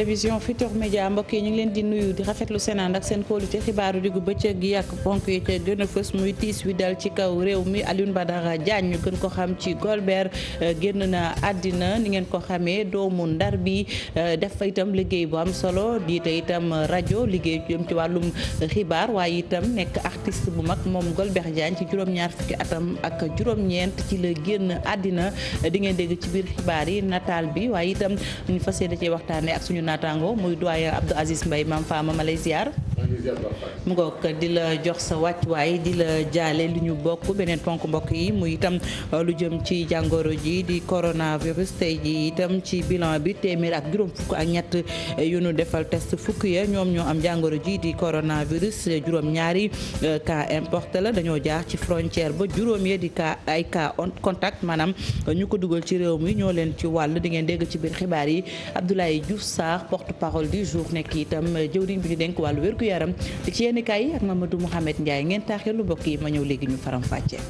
télévision Futur Média mbokk yi ñu ngi leen di nuyu di rafetlu seen ànd ak seen kóolute xibaaru diggu bëccëg yi ak ponk yi ca gën fës muy tiis wi dal ci kaw réew mi ba Badara Diagne ñu gën ko xam ci Golbert euh, génn na àddina ni ngeen ko xamee doomu ndar bi euh, def fa itam liggéey bu am solo diite itam rajo liggéey jëm ci wàllum xibaar waaye itam nekk artiste bu mag moom Golbert Diagne ci juróom-ñaar fukki atam ak juróom-ñeent ci la génn àddina di ngeen dégg ci biir xibaar yi nataal bi waaye itam ñu fas yéene ci waxtaanee ak suñu naataango muy doyen Abdou Aziz Mbaye maam Fama ma mu ngoog di la jox sa wàccuwaay di la jaale lu ñu bokk beneen ponk mbokk yi muy itam lu jëm ci jàngoro ji di coronavirus tey ji itam ci bilan bi téeméer ak juróom fukk ak ñett yu nu defal test fukk ya ñoom ñoo am jàngoro ji di coronavirus juróom ñaari euh, cas importé la dañoo jaar ci frontière ba juróom ya di cas ay cas contact maanaam ñu ko dugal ci réew mi ñoo leen ci wàll di ngeen dégg ci biir xibaar yi Abdoulaye Diouf Sarr porte parole du jour nekk itam jëwriñ bi ñu dénk wàllu wérgu yaram ci yenn kaay yi ak Mamadou Mouhamed Ndiaye ngeen taaxee lu bokk yi ma ñëw léegi ñu faram fàccee.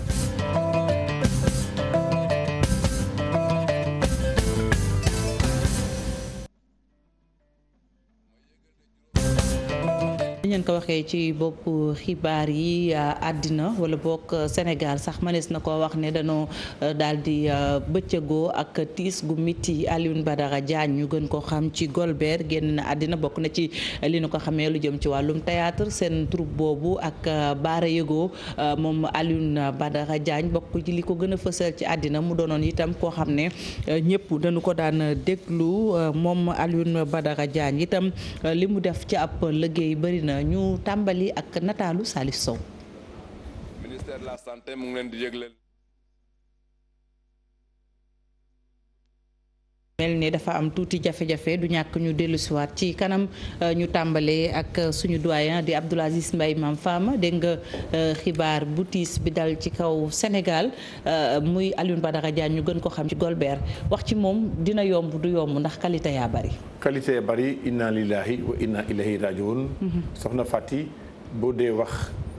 ngeen ko waxee ci bopp xibaar yi euh, àddina wala bokk euh, Sénégal sax mënees na ko wax ne danoo euh, daal di bëccëgoo ak tiis gu miti Alioune Badara Diagne ñu gën ko xam ci Golbert génn na àddina bokk na ci li ñu ko xamee lu jëm ci wàllum théâtre seen troupe boobu ak Baara Yego moom Alioune Badara Diagne bokk ci li ko gën a fësal ci àddina mu doonoon itam koo xam ne ñëpp dañu ko daan déglu moom Alioune Badara Diagne itam li mu def ci ab liggéey bari ñu tàmbali ak nataalu Salif Sow. ministère de la santé mu leen di yëgle mel ni dafa am tuuti jafe-jafe du ñàkk ñu waat ci kanam euh, ñu tàmbalee ak euh, suñu doyen di Abdoul Aziz mbay Mame Fama dégg nga euh, xibaar bu tiis bi dal ci kaw Sénégal muy Alioune Badara Diagne ñu gën ko xam ci Golbert wax ci moom dina yomb du yomb ndax qualité ya bari. qualité yaa bari inna lillahi wa inna ilayhi rajiun. Mhm. soxna Fati boo dee wax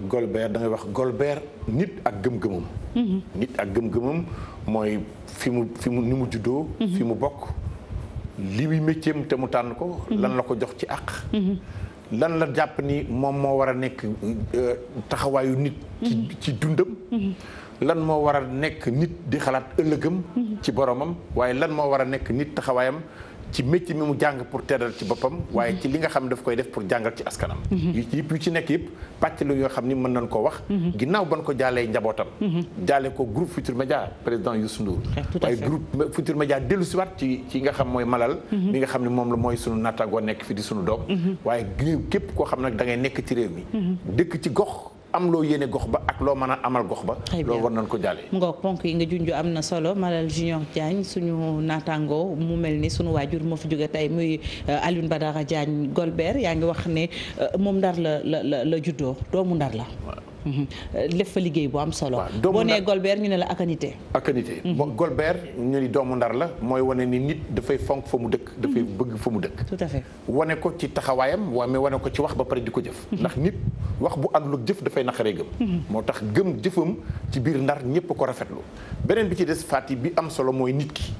Golbert da wax Golbert nit ak gëm-gëmam. Mhm. mooy fi mu fi mu ni mu juddoo. Mhm. fi mu bokk li muy métier te mu tànn ko. Mhm. lan la ko jox ci àq. Mhm. lan la jàpp ni moom moo war a nekk euh, taxawaayu nit. ci ci dundam. lan moo war a nekk nit di xalaat ëllëgam. ci boromam waaye lan moo war a nekk nit taxawaayam. ci métier mi mu jàng pour teral ci boppam waaye ci li nga xam daf koy def pour jàngal ci askanam mhm. yëpp yu ci nekk yëpp pàcc la yoo xam ni mën nañ koo wax mhm. ginnaaw ban ko jaalee njabootam mhm. jaale ko groupe Futur Média président Youssou Ndour waaye groupe Futur Média dellu si waat ci ci nga xam mooy malal li nga xam ne moom la mooy sunu nattangoo nekk fi di sunu doom waaye képp koo xam nag da ngay nekk ci réew mi dëkk ci gox am loo yéene gox ba ak loo mën a amal gox ba. loolu war nañ ko jàllee. ngoog ponk yi nga junj am na solo Malal Junior Diagne suñu naataango mu mel ni suñu waajur moo fi jógee tey muy euh, Alioune Badara Diagne Golbert yaa ngi wax ni euh, moom ndar la la la la juddoo doomu ndar la. Mhm. Euh, def fa liggéey boo am solo. boo nee Golbert ñu ne la akanité. akanité mhm. Golbert ñu ni doomu ndar la mooy wane ni nit dafay fonk fa mu dëkk. dafay mhm. bëgg fa mu dëkk. tout à wane ko ci taxawaayam mais wane ko ci wax ba pare di ko jëf. ndax nit. wax bu àndul ak jëf dafay naqaree gëm. moo tax gëm jëfam ci biir ndar ñëpp ko rafetlu beneen bi ci des fàtti bi am solo mooy nit ki.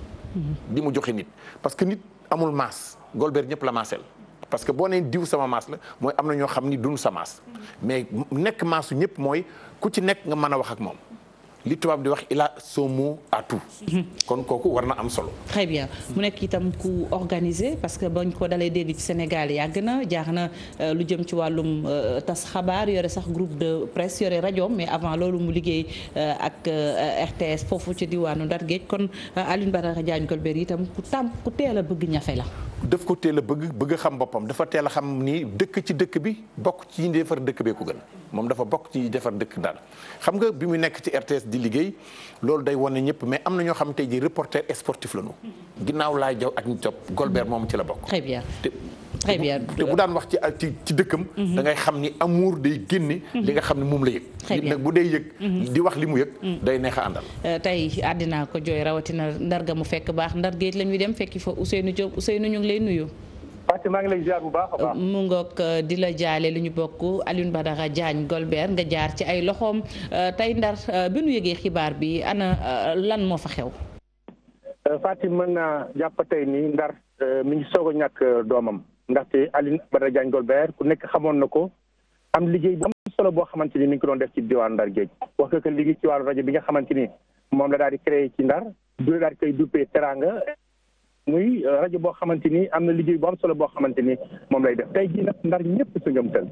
li mu joxe nit parce que nit amul maas Golbert ñëpp la maaseel. parce que boo nee diw sama maas la mooy am na ñoo xam ni duñu sa maas mais nekk maasu ñëpp mooy ku ci nekk nga mën a wax ak moom. li tubaab di wax il a son mot mhm. kon kooku war na am solo. très bien mu nekk itam ku organisé parce que bañ ko dalee dellu ci Sénégal yàgg na jaar na euh, lu jëm ci wàllum euh, tas xabaar yore sax groupe de presse yore rajo mais avant loolu mu liggéey euh, ak RTS foofu ci diwaanu Ndar Géej kon Alioune Badara Diagne Golbert itam ku tàmm ku teel a bëgg ñafe la. daf ko teel a bëgg bëgg a xam boppam dafa teel a xam ni dëkk ci dëkk bi bokk ci ñi defar dëkk bee ko gën moom dafa bokk ci defar dëkk daal xam nga bi mu nekk ci RTS di liggéey loolu day wane ñëpp mais am na ñoo xam tey ji reporter sportif la ñu ginnaaw laay jaw ak ñu topp golbeer moom ci la bokk très bien très bien te bu daan wax ci ci ci dëkkam mhm. da ngay xam ni amour day génne mhm. li nga xam ne moom la yëg nit nag bu dee yëg mhm. di wax li mu yëg day neex a àndal euh, tey àddina ko jooy rawatina ndar ga mu fekk baax ndar géej la ñuy dem fekki fa Ousseynou Diop Ousseynou ñu ngi lay nuyu Fatou maa ngi lay jaar bu baax a baax. mu ngoog euh, di la jaale lu ñu bokk Alioune Badara Diagne Golbert nga jaar ci ay loxoom euh, tey ndar bi nu yëgee xibaar bi ana lan moo fa xew. Fatou mën naa jàpp tey ni ndar a ñàkk ndaxte Aline Badara Diagne Golbert ku nekk xamoon na ko am liggéey bu am solo boo xamante ni mi ngi ko doon def ci diwaan Ndar géej wax nga que liggéey ci wàllu rajo bi nga xamante ni moom la daal di créé ci Ndar du daal di koy duppee teraanga rajo boo xamante ni am na liggéey bu solo boo xamante ni moom lay def tey jii nag Ndar ñëpp su ngëm tël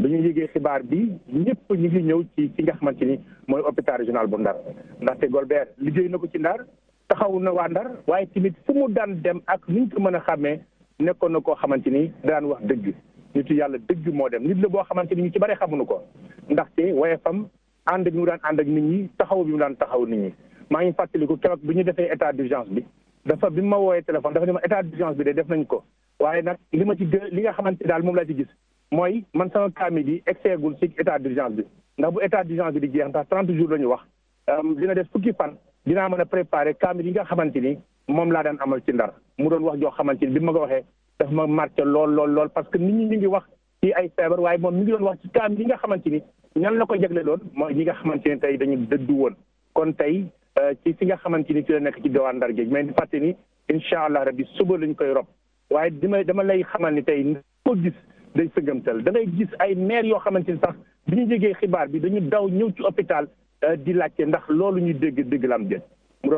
bu ñu yëgee xibaar bi ñëpp ñu fi ñëw ci fi nga xamante ni mooy hôpital régional bu Ndar ndaxte Golbert liggéey na ko ci Ndar taxaw na waa Ndar waaye tamit fu mu daan dem ak ni ñu ko mën a xàmmee nekkoon na koo xamante ni daan wax dëgg nitu yàlla dëgg moo dem nit la boo xamante ni ñu ci bare xamuñu ko ndaxte wayefam ànd ak ñu daan ànd ak nit ñi taxaw bi mu daan taxaw nit ñi maa ngi fàttaliku keroog bi ñu defee état d'urgence bi dafa bi ma wooyee téléphone dafa ne ma état d'urgence bi de def nañ ko waaye nag li ma ci gë li nga xamante daal moom laa ci gis mooy man sama kaamil yi exeegul ci état d'urgence bi ndax bu état d'urgence bi di jeex ndax trente la ñu wax euh, dina def fukki fan dinaa mën a préparer kaamil yi nga xamante ni moom laa daan amal ci ndar mu doon wax joo xamante ni bi ma ko waxee daf ma marqué lool lool lool parce que nit ñi ñu ngi wax ci ay feebar waaye moom mi ngi doon wax ci kaam yi nga xamante ni ñan la ko jagle doon moo ñi nga xamante ni tey dañu dëddu woon kon tey euh, ci fi nga xamante ni ci la nekk ci diwaan Ndar géej mais di fàtte ni incha allah rabbi suba lañ koy rob waaye dama dama lay xamal ni tey ko gis day sëggamtal dangay gis ay maire yoo xamante ni sax bi ñu jegee xibaar bi dañu daw ñëw ci hôpital euh, di laajte ndax loolu ñu dégg dégg lam jët mu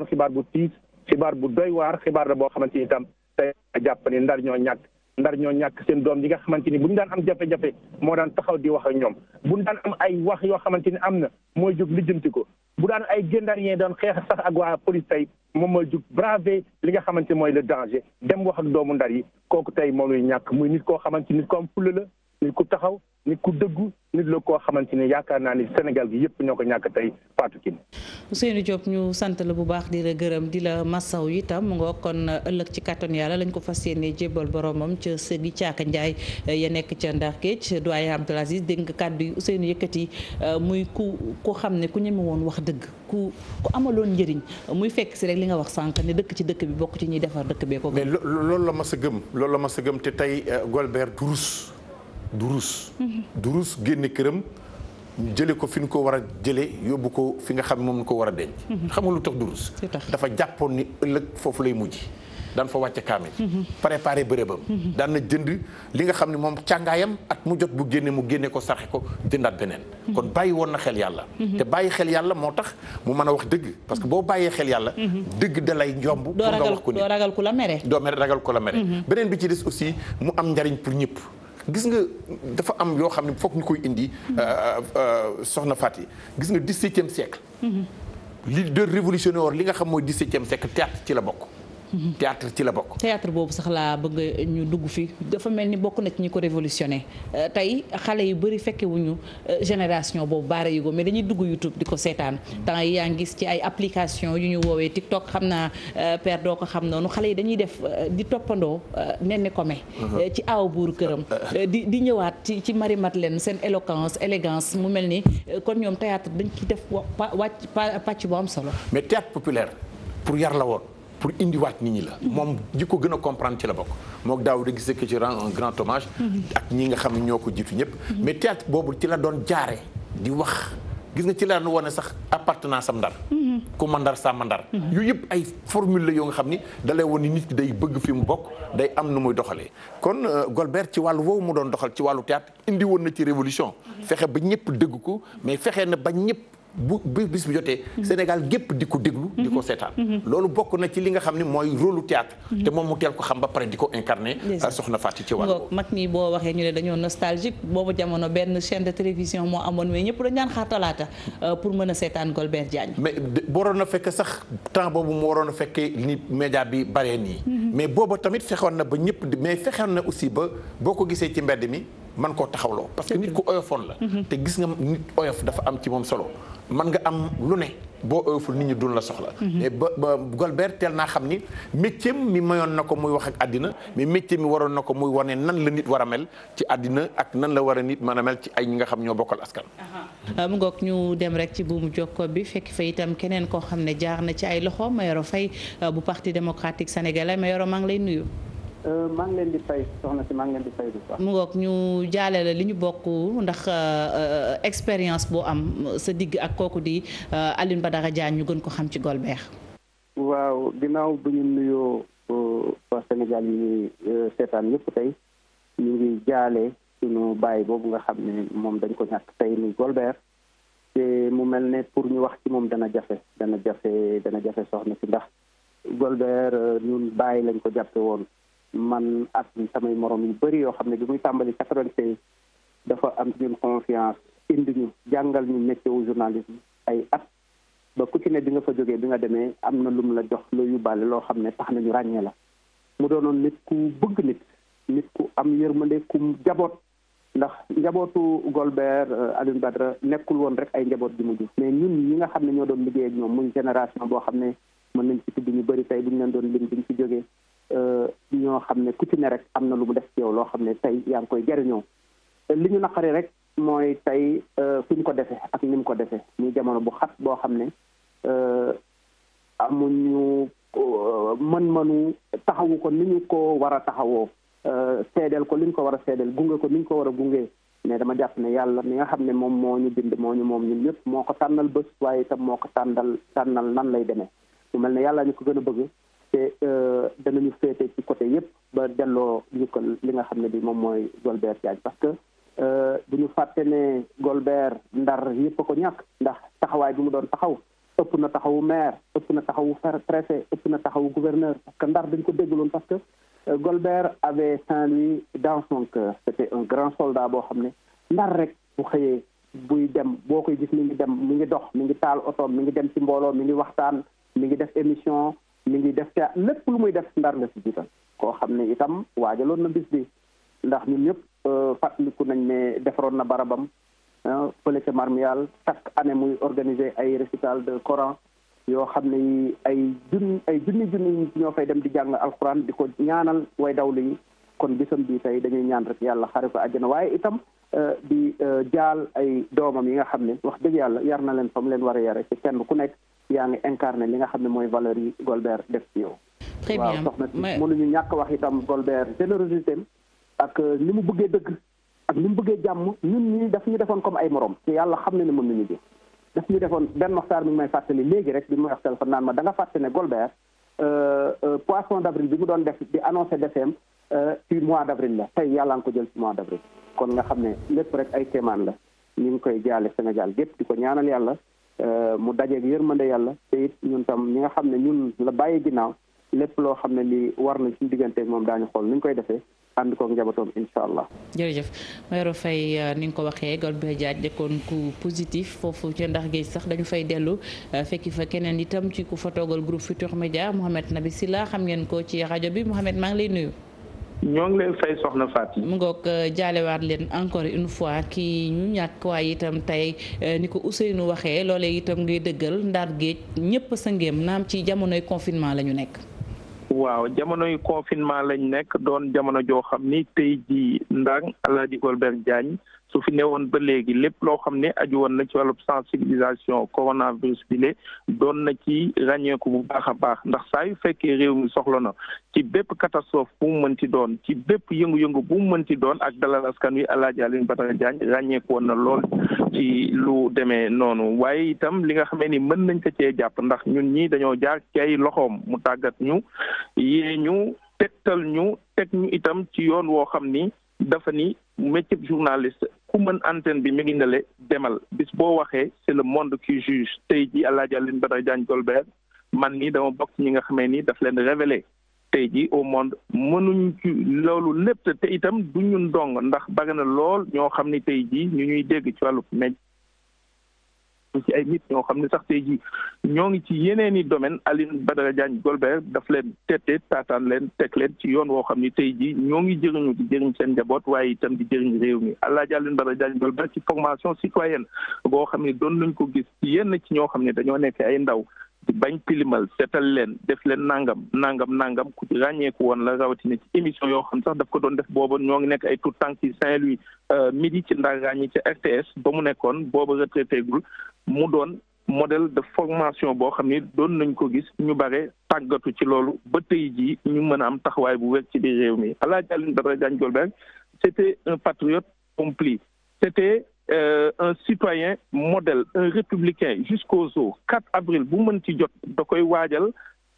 xibaar bu doy waar xibaar la boo xamante ni itam te jàpp ni ndar ñoo ñàkk ndar ñoo ñàkk seen doom yi nga xamante ni bu ñu daan am jafe-jafe moo daan taxaw di wax ak ñoom bu ñu daan am ay wax yoo xamante ni am na mooy jóg lijjanti ko bu daan ay gendarmerie doon xeex sax ak waa police tey moom mooy jóg braver li nga xamante mooy le danger dem wax ak doomu ndar yi kooku tey moom lay ñàkk muy nit koo xamante nit ko am fulla la nit ku taxaw nit ku dëggu nit la koo xamante ni yaakaar naa ni Sénégal gi yëpp ñoo ko ñàkk tey Fatou Kiné Ousseynou ñu sant la bu baax di la gërëm di la massaw itam mu nga kon ëllëg ci kattan yàlla lañ ko fas yéene jébbal boromam ca sëgi Caaka Ndiaye eh, ya nekk ca Ndar Géej doyen Abdoul Aziz dégg nga kàddu yi Ousseynou yëkkati eh, muy ku ku xam ne ku ñeme woon wax dëgg ku ku amaloon njëriñ muy fekk si li nga wax sànq ne dëkk ci dëkk bi bokk ci ñuy defar dëkk bee a gëm loolu la mas gëm te tey eh, Golbert Dourousse du rus du génne këram jële ko fi ñu ko war a jële yóbbu ko fi nga xam ne moom la ko war a denc xam lu tax du rus dafa jàppoon ni ëllëg foofu lay mujj daan fa wàcce kaamil préparé bërëbam daan na jënd li nga xam ne moom càngaayam at mu jot bu génne mu génne ko sarxe ko jëndaat beneen kon bàyyi woon na xel yàlla mhm. te bàyyi xel yàlla moo tax mu man a wax dëgg parce que boo bàyyee xel yàlla mhm. dëgg da lay njomb pour nga wax ko doo ragal ku la mere doo mere ragal ko la mere mhm. beneen bi ci des aussi mu am njariñ pour ñëpp gis nga dafa am yoo xam ne foog ñu koy indi. Euh, euh, euh, soxna Fati gis nga dix-septième siècle. Mm-hmm. li de révolutionnaire li nga xam mooy dix-septième siècle théâtre ci la bokk. théâtre ci la bokk. théâtre boobu sax laa bëgg ñu dugg fi dafa mel ni bokk na ci ñi ko révolutionné euh, tey xale yu bëri fekke euh, génération boobu baara yi ko mais dañuy dugg YouTube di ko seetaan temps yi yaa ngi gis ci ay application yu ñu woowee tik TikTok xam naa euh, père doo ko xam noonu xale yi dañuy def di toppandoo Néné Komé uh-huh. ci aaw buur këram uh-huh. di di ñëwaat ci ci Marie leen seen éloquence élégance mu mel ni kon ñoom théâtre dañ ciy def wàcc pàcc bu am solo mais théâtre populaire pour yar la woon pour indiwaat nit ñi la. moom ji ko gën a comprendre ci la bokk. moo daaw da gisee que ci rend un grand hommage. ak ñi nga xam ne ñoo ko jiitu ñëpp. mais théâtre boobu la doon jaare di wax gis nga ci la nu wane sax appartenance am ndar. ku ma ndar sama ndar. yooyu yëpp ay formule la yoo nga xam ni da lay woon ni nit ki day bëgg fi mu bokk day am nu muy doxalee. kon euh, Golbert ci wàllu woowu mu doon doxal ci wàllu théâtre indi woon na ci révolution fexe ba ñëpp dëgg ko mais fexe na ba ñëpp. bu bis bu jotee Sénégal gépp di ko déglu di ko seetaan loolu bokk na ci li nga xam ne mooy rôle théâtre te moom mu teel ko xam ba pare di ko incarné euh, soxna Fatou ci wàll boobu mag ñi boo waxee ñu ne dañoo nostalgique boobu jamono benn chaîne de télévision moo amoon mais ñëpp dañ daan xaar talaata euh, pour mën a seetaan Golbert Diagne mais waroon a fekk sax temps boobu mu waroon a fekkee ni média bi baree nii mm-hmm. mais booba tamit fexoon na ba ñëpp mais fexoon na aussi ba boo ko gisee ci mbedd mi man koo taxawloo parce que nit ku oyofoon la te gis nga nit oyof dafa am ci moom solo man nga am lu ne boo oyoful nit ñi dun la soxla ba ba Golbert teel naa xam ni métier mi mayoon na ko muy wax ak àddina mais métier mi waroon na ko muy wane nan la nit war a mel ci àddina ak nan la war a nit mën a mel ci ay ñi nga xam ñoo bokkal askan ah, mu ngook ñu dem rek ci buumu jokko bi fekk fa itam keneen koo xam ne jaar na ci ay loxo Mayoro Faye ah, bu parti démocratique sénégalais Mayoro maa ngi lay nuyu Euh, maa ngi leen di fay soxna si maa ngi leen di fay bu baax. mu ngoog ñu jaale la li ñu bokk ndax euh, euh, expérience boo am sa digg ak kooku di Alioune Badara Diagne ñu gën ko xam ci Golbert. waaw ginnaaw bu ñu nuyoo waa Sénégal yi ñuy seetaan yëpp tey ñu ngi jaale suñu bàyyi boobu nga xam ne moom dañ ko ñàkk tey muy Golbert te mu mel ne pour ñu wax ci moom dana jafe dana jafe dana jafe soxna si ndax Golbert ñun bàyyi lañ ko jàppe woon. man ak samay morom yu bëri yoo xam ne bi muy tàmbali quatre vingt dafa am ñun confiance indi ñu jàngal ñu métier wu ay at ba ku bi nga fa jógee bi nga demee am na lu mu la jox loo yóbbaale loo xam ne tax nañu ràññee la mu doonoon nit ku bëgg nit nit ku am yërmande ku jaboot ndax jabootu Golbert euh, Alioune Badara nekkul woon rek ay njaboot gi mu mais ñun ñi nga xam ne ñoo doon liggéey ak ñoom muy génération boo xam ne mën nañ ci tudd ñu bëri tey bu ñu leen doon bi ñu ci jógee Euh, ñoo xam ne ku ci ne rek am na lu mu def ci yow loo xam ne tey yaa ngi koy jariñoo euh, li ñu naqari rek mooy tey euh, fi ñu ko defee ak ni mu ko defee ni jamono bu xat boo xam ne amuñu mën-mënu taxawu ko ni ñu ko war a taxawoo seedeel ko li ñu ko war a seedeel gunge ko ni ñu ko war a gungee mais dama jàpp ne yàlla mi nga xam ne moom moo ñu bind moo ñu moom ñu ñëpp moo ko tànnal bët waaye itam moo ko tànnal tànnal nan lay demee mu mel ne yàlla ñu ko gën a bëgg te euh, danañu féete ci côté yëpp ba delloo njukkal li nga xam ne bi moom mooy Golbert Diagne parce que euh, bu ñu fàtte ne Golbert Ndar yëpp a ko ñàkk ndax taxawaay bi mu doon taxaw ëpp na taxawu maire ëpp na taxawu préfet ëpp na taxawu gouverneur parce que Ndar dañ ko déggaloon parce que euh, Golbert avait Saint-Louis dans son cœur c'était un grand soldat boo xam ne Ndar rek bu xëyee buy dem boo koy gis mu ngi dem mu ngi dox mi ngi taal otoom mi ngi dem ci mbooloo mi ngi waxtaan mi ngi def émission mi ngi def ca lépp lu muy def ndar la si jiital koo xam ne itam waajaloon na bis bi ndax ñun ñëpp euh, fàttaliku nañ ne defaroon na barabam fële ca marmial takk année muy organiser ay récital de Coran yoo xam ne yi ay junni ay junni junni ñoo fay dem di jàng alxuraan di ko ñaanal way dawlu yi kon bisam bi tey dañuy ñaan rek yàlla xare ko àjjana waaye itam euh, di euh, jaal ay doomam yi nga xam ne wax dëgg yàlla yar na leen fa mu leen war a yare ci kenn ku nekk yaa ngi incarné li nga xam ne mooy valeur yi Golbert def ci yow. très bien ma soxna si ñu ñàkk wax itam Golbert générosité ak euh, ni mu bëggee dëgg ak ni mu bëggee jàmm ñun ñii daf ñu defoon comme ay morom. te yàlla xam ne ne mën nañu ji daf ñu defoon benn waxtaan mi ngi may fàttali léegi rek bi mu wax téléphone naan ma da nga fàtte ne Golbert euh, euh, poisson d'avril bi mu doon def di annoncé defeem ci mois d'avril la tey yàlla nga ko jël ci mois d'avril kon nga xam ne lépp rek ay téemaan la ñu ngi koy jaale Sénégal gépp di ko ñaanal yàlla. Euh, mu dajeeg yërmande yàlla te it ñun tam ñi nga xam ne ñun la bàyyi ginnaaw lépp loo xam ne li war na suñu diggante moom daañu xool nuñ koy defee ànd koog njabootam incha allah. jërëjëf Mayoro Faye euh, ni nga ko waxee Golbert Diagne dëkkoon ku positif foofu ca ndax géej sax dañu fay dellu euh, fekki fa keneen itam ci ku fa toogal groupe Futurs Médias bi si laa xam ngeen ko ci rajo bi Mouhamed maa ngi lay nuyu. ñoo ngi leen fay soxna Fatou. mu ngoog euh, jaalewaat leen encore une fois kii ñu ñàkk waaye itam tey euh, ni ko nu waxee loolee itam ngay dëggal ndaar géej ñëpp sa naam ci jamonoy confinement lañu nekk. waaw jamonoy confinement lañu nekk doon jamono joo xam ni tey ji ndang Alaaji Golbert Diagne su fi newoon ba léegi lépp loo xam ne aju woon na ci wàllu sensibilisation coronavirus bi le doon na ci ràññeeku bu baax a baax ndax saa yu fekkee réew mi soxla na ci bépp catastrophe bu mu mënti doon ci bépp yëngu-yëngu bu mu mënti doon ak dalal askan wi Alaaji Alioune Badara Diagne ràññeeku woon na lool ci lu demee noonu waaye itam li nga xamee ni mën nañ ko cee jàpp ndax ñun ñii dañoo jaar ci ay loxoom mu tàggat ñu yee ñu tegtal ñu teg ñu itam ci yoon woo xam ni ku mën antenne bi mi ngi ne le demal bis boo waxee c'est le monde qui juge tey ji El Hadj Alioune Badara Diagne Golbert man nii dama bokk ñi nga xamee ni daf leen révélé tey ji au monde mënuñ ci loolu lépp te itam du ñun dong ndax bari na lool ñoo xam ni tey ji ñu ñuy dégg ci wàllu ci ay nit ñoo xam ne sax tey jii ñoo ngi ci yeneen i domaine Alioune Badara Diagne Golbert daf leen tete taataan leen teg leen ci yoon woo xam ne tey jii ñoo ngi jëriñu di jëriñ seen njaboot waaye itam di jëriñ réew mi Alaaji Alioune Badara Diagne Golbert ci formation citoyenne boo xam ne doon nañ ko gis ci yenn ci ñoo xam ne dañoo nekk ay ndaw bañ pilimal seetal leen def leen nangam nangam nangam ku ci ràññeeku woon la rawatina ci émission yoo xam sax daf ko doon def booba ñoo ngi nekk ay tout temps ci Saint-Louis euh, midi ci ndar ràññi ca RTS ba mu nekkoon booba retraité gul mu doon modèle de formation boo xam ni doon nañ ko gis ñu bare tàggatu ci loolu ba tey jii ñu mën a am taxawaay bu wér ci biir réew mi Alaaji Alioune Badara Diagne Golbert c'était un patriote accompli c'était Euh, un citoyen modèle un républicain jusqu'aux os 4 avril bu mën ci jot da koy waajal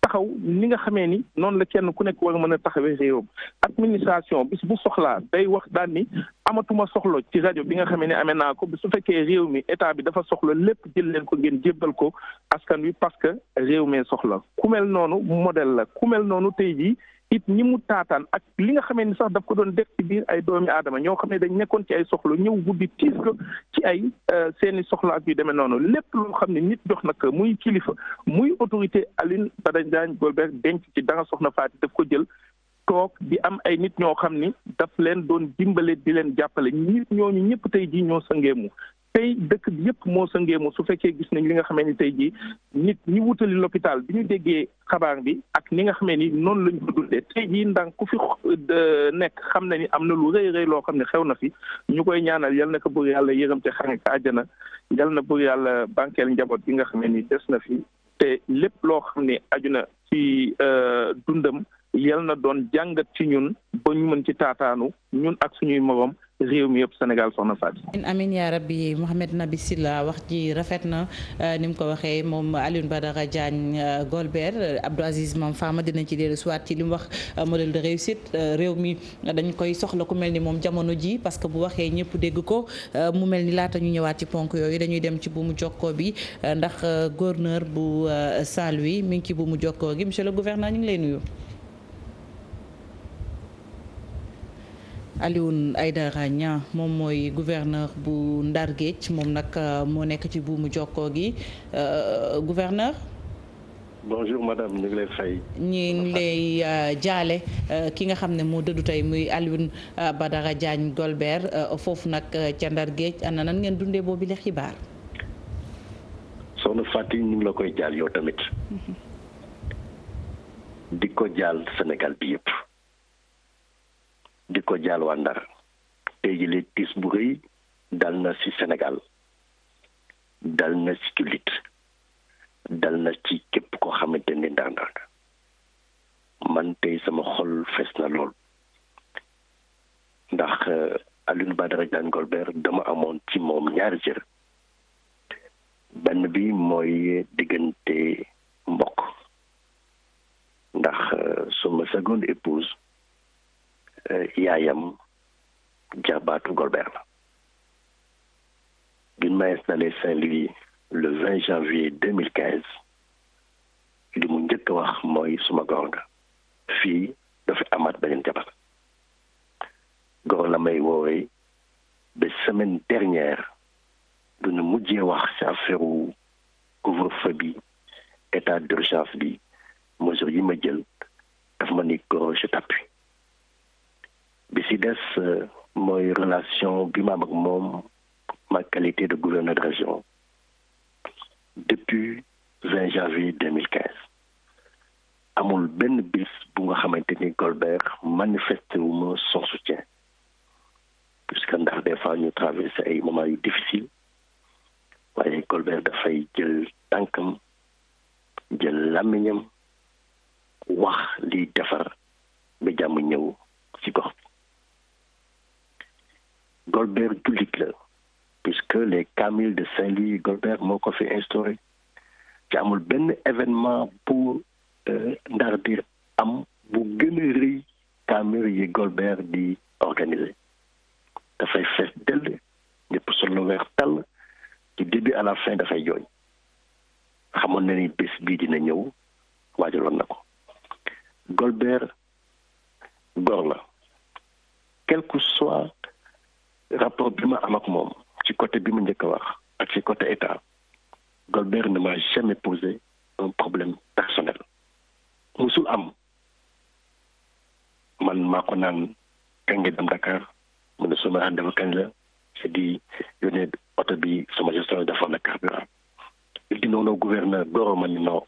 taxaw ni nga xamee ni noonu la kenn ku nekk war a mën a taxawee réewam administration bis bu soxlaa day wax daan ni amatuma soxla ci rajo bi nga xamee ne amee naa ko su fekkee réew mi état bi dafa soxla lépp jël leen ko ngeen jébbal ko askan wi parce que réew mee soxla ku noonu modèle la ku noonu tey jii it ñi mu taataan ak li nga xamee ni sax daf ko doon def ci biir ay doomi aadama ñoo xam ne dañ nekkoon ci ay soxla ñëw guddi tiis ko ci ay euh, seeni soxla yu demee noonu lépp loo xam ne nit jox nag muy kilifa muy autorité Aline dañ daañ Golbert denc ci danga soxna Faati daf ko jël toog bi am ay nit ñoo xam ni daf leen doon dimbale di leen jàppale nit ñooñu ñëpp tey jii ñoo sëngee mu tey dëkk bi yëpp moo sëngee mu su fekkee gis nañ li nga xamee ni tey jii nit ñi wutali l'hôpital bi ñu déggee xabaar bi ak ni nga xamee ni noonu lañ dundee tey jii ndànk ku fi nekk xam na ni am na lu rëy rëy loo xam ne xew na fi ñu koy ñaanal yal na ko bëgg yàlla yërëm te xare ko àjjana yal na bëgg yàlla bankeel njaboot bi nga xamee ni des na fi te lépp loo xam ne aju na ci euh, dundam yal na doon jàngat ci ñun ba ñu mën ci taataanu ñun ak suñuy moroom réew mi yëpp Sénégal soxna Fatou. amiin yaa rabbi Mouhamed Nabi Silla wax ji rafet na euh, ni mu ko waxee moom aline Alioune Badara Diagne euh, Golbert euh, Abdou Aziz Mam Fama dinañ ci dellu siwaat ci li mu wax modèle de réussite réew mi dañ koy soxla ku mel ni moom jamono ji parce que bu waxee ñëpp dégg ko mu mel ni laata ñu ñëwaat ci ponk yooyu dañuy dem ci bu mu jokkoo bi ndax gouverneur bu Saint-Louis mi ngi ci bu mu jokkoo gi monsieur le gouverneur ñu ngi lay nuyu. Alioune Aydara Niang moom mooy gouverneur bu Ndar Géej moom nag euh, moo nekk ci buumu jokkoo gi euh, euh, gouverneur. bonjour madame ñu ngi lay jaale ki nga xam ne moo dëddu tey muy Alioune Badara Diagne Golbert foofu nag ca Ndar Géej na nan ngeen dundee bi la xibaar. soxna Fatick ñu ngi la koy jaal yow tamit. Mm-hmm. di ko jaal Sénégal bi yëpp. di ko jaal waa Ndar tey jii tiis bu rëy dal na ci senegal dal na ci jullit dal na ci képp koo xamante ni Ndar Ndar man tey sama xol fees na lool ndax euh, Alioune Badara Diagne Golbert dama amoon ci moom ñaari jër benn bi mooy diggante mbokk ndax euh, suma seconde épouse Eh, yaayam jabaatu Golbert la bi ma installé Saint-Louis le 20 janvier 2015 li mu njëkk wax mooy suma gor nga fii dafa amaat beneen jabar gor la may woowee ba semaine dernière duñu mujjee wax ci affaire couvre-feu bi état d'urgence bi mesure yi ma jël dafa ma ni gor je bi si des euh, mooy relation bi ma am ak moom ma qualité de gouverneur de région depuis janvier amul benn bis bu nga xamante ni Golbert manifesté wu son soutien puisque ndax des fois ñu traversé ay moments yu waaye Golbert dafay jël tànkam jël làmmiñam wax liy defar ba ñëw ci gox Golbert jullit la puisque les Camille de Saint-Louis Golbert moo ko fi instauré ci amul benn événement pour euh, ndar dir am bu gën a rëy Camille yi Golbert di organiser dafay fees dell ñëpp solo weer tàll ci début à la fin dafay jooy xamoon na ni bés bii dina ñëw waajaloon na ko Golbert góor la quel soit rapport bi ma am ak moom ci côté bi ma njëkk a wax ak ci côté état Golbert ne m'a jamais posé un problème personnel musul am man maa ko naan kañ nga dem Dakar mu ne suma rendez-vous kañ la c'est di yónnee oto bi sama gestion dafa na carburant il dit noonu gouverneur Goro ma ni non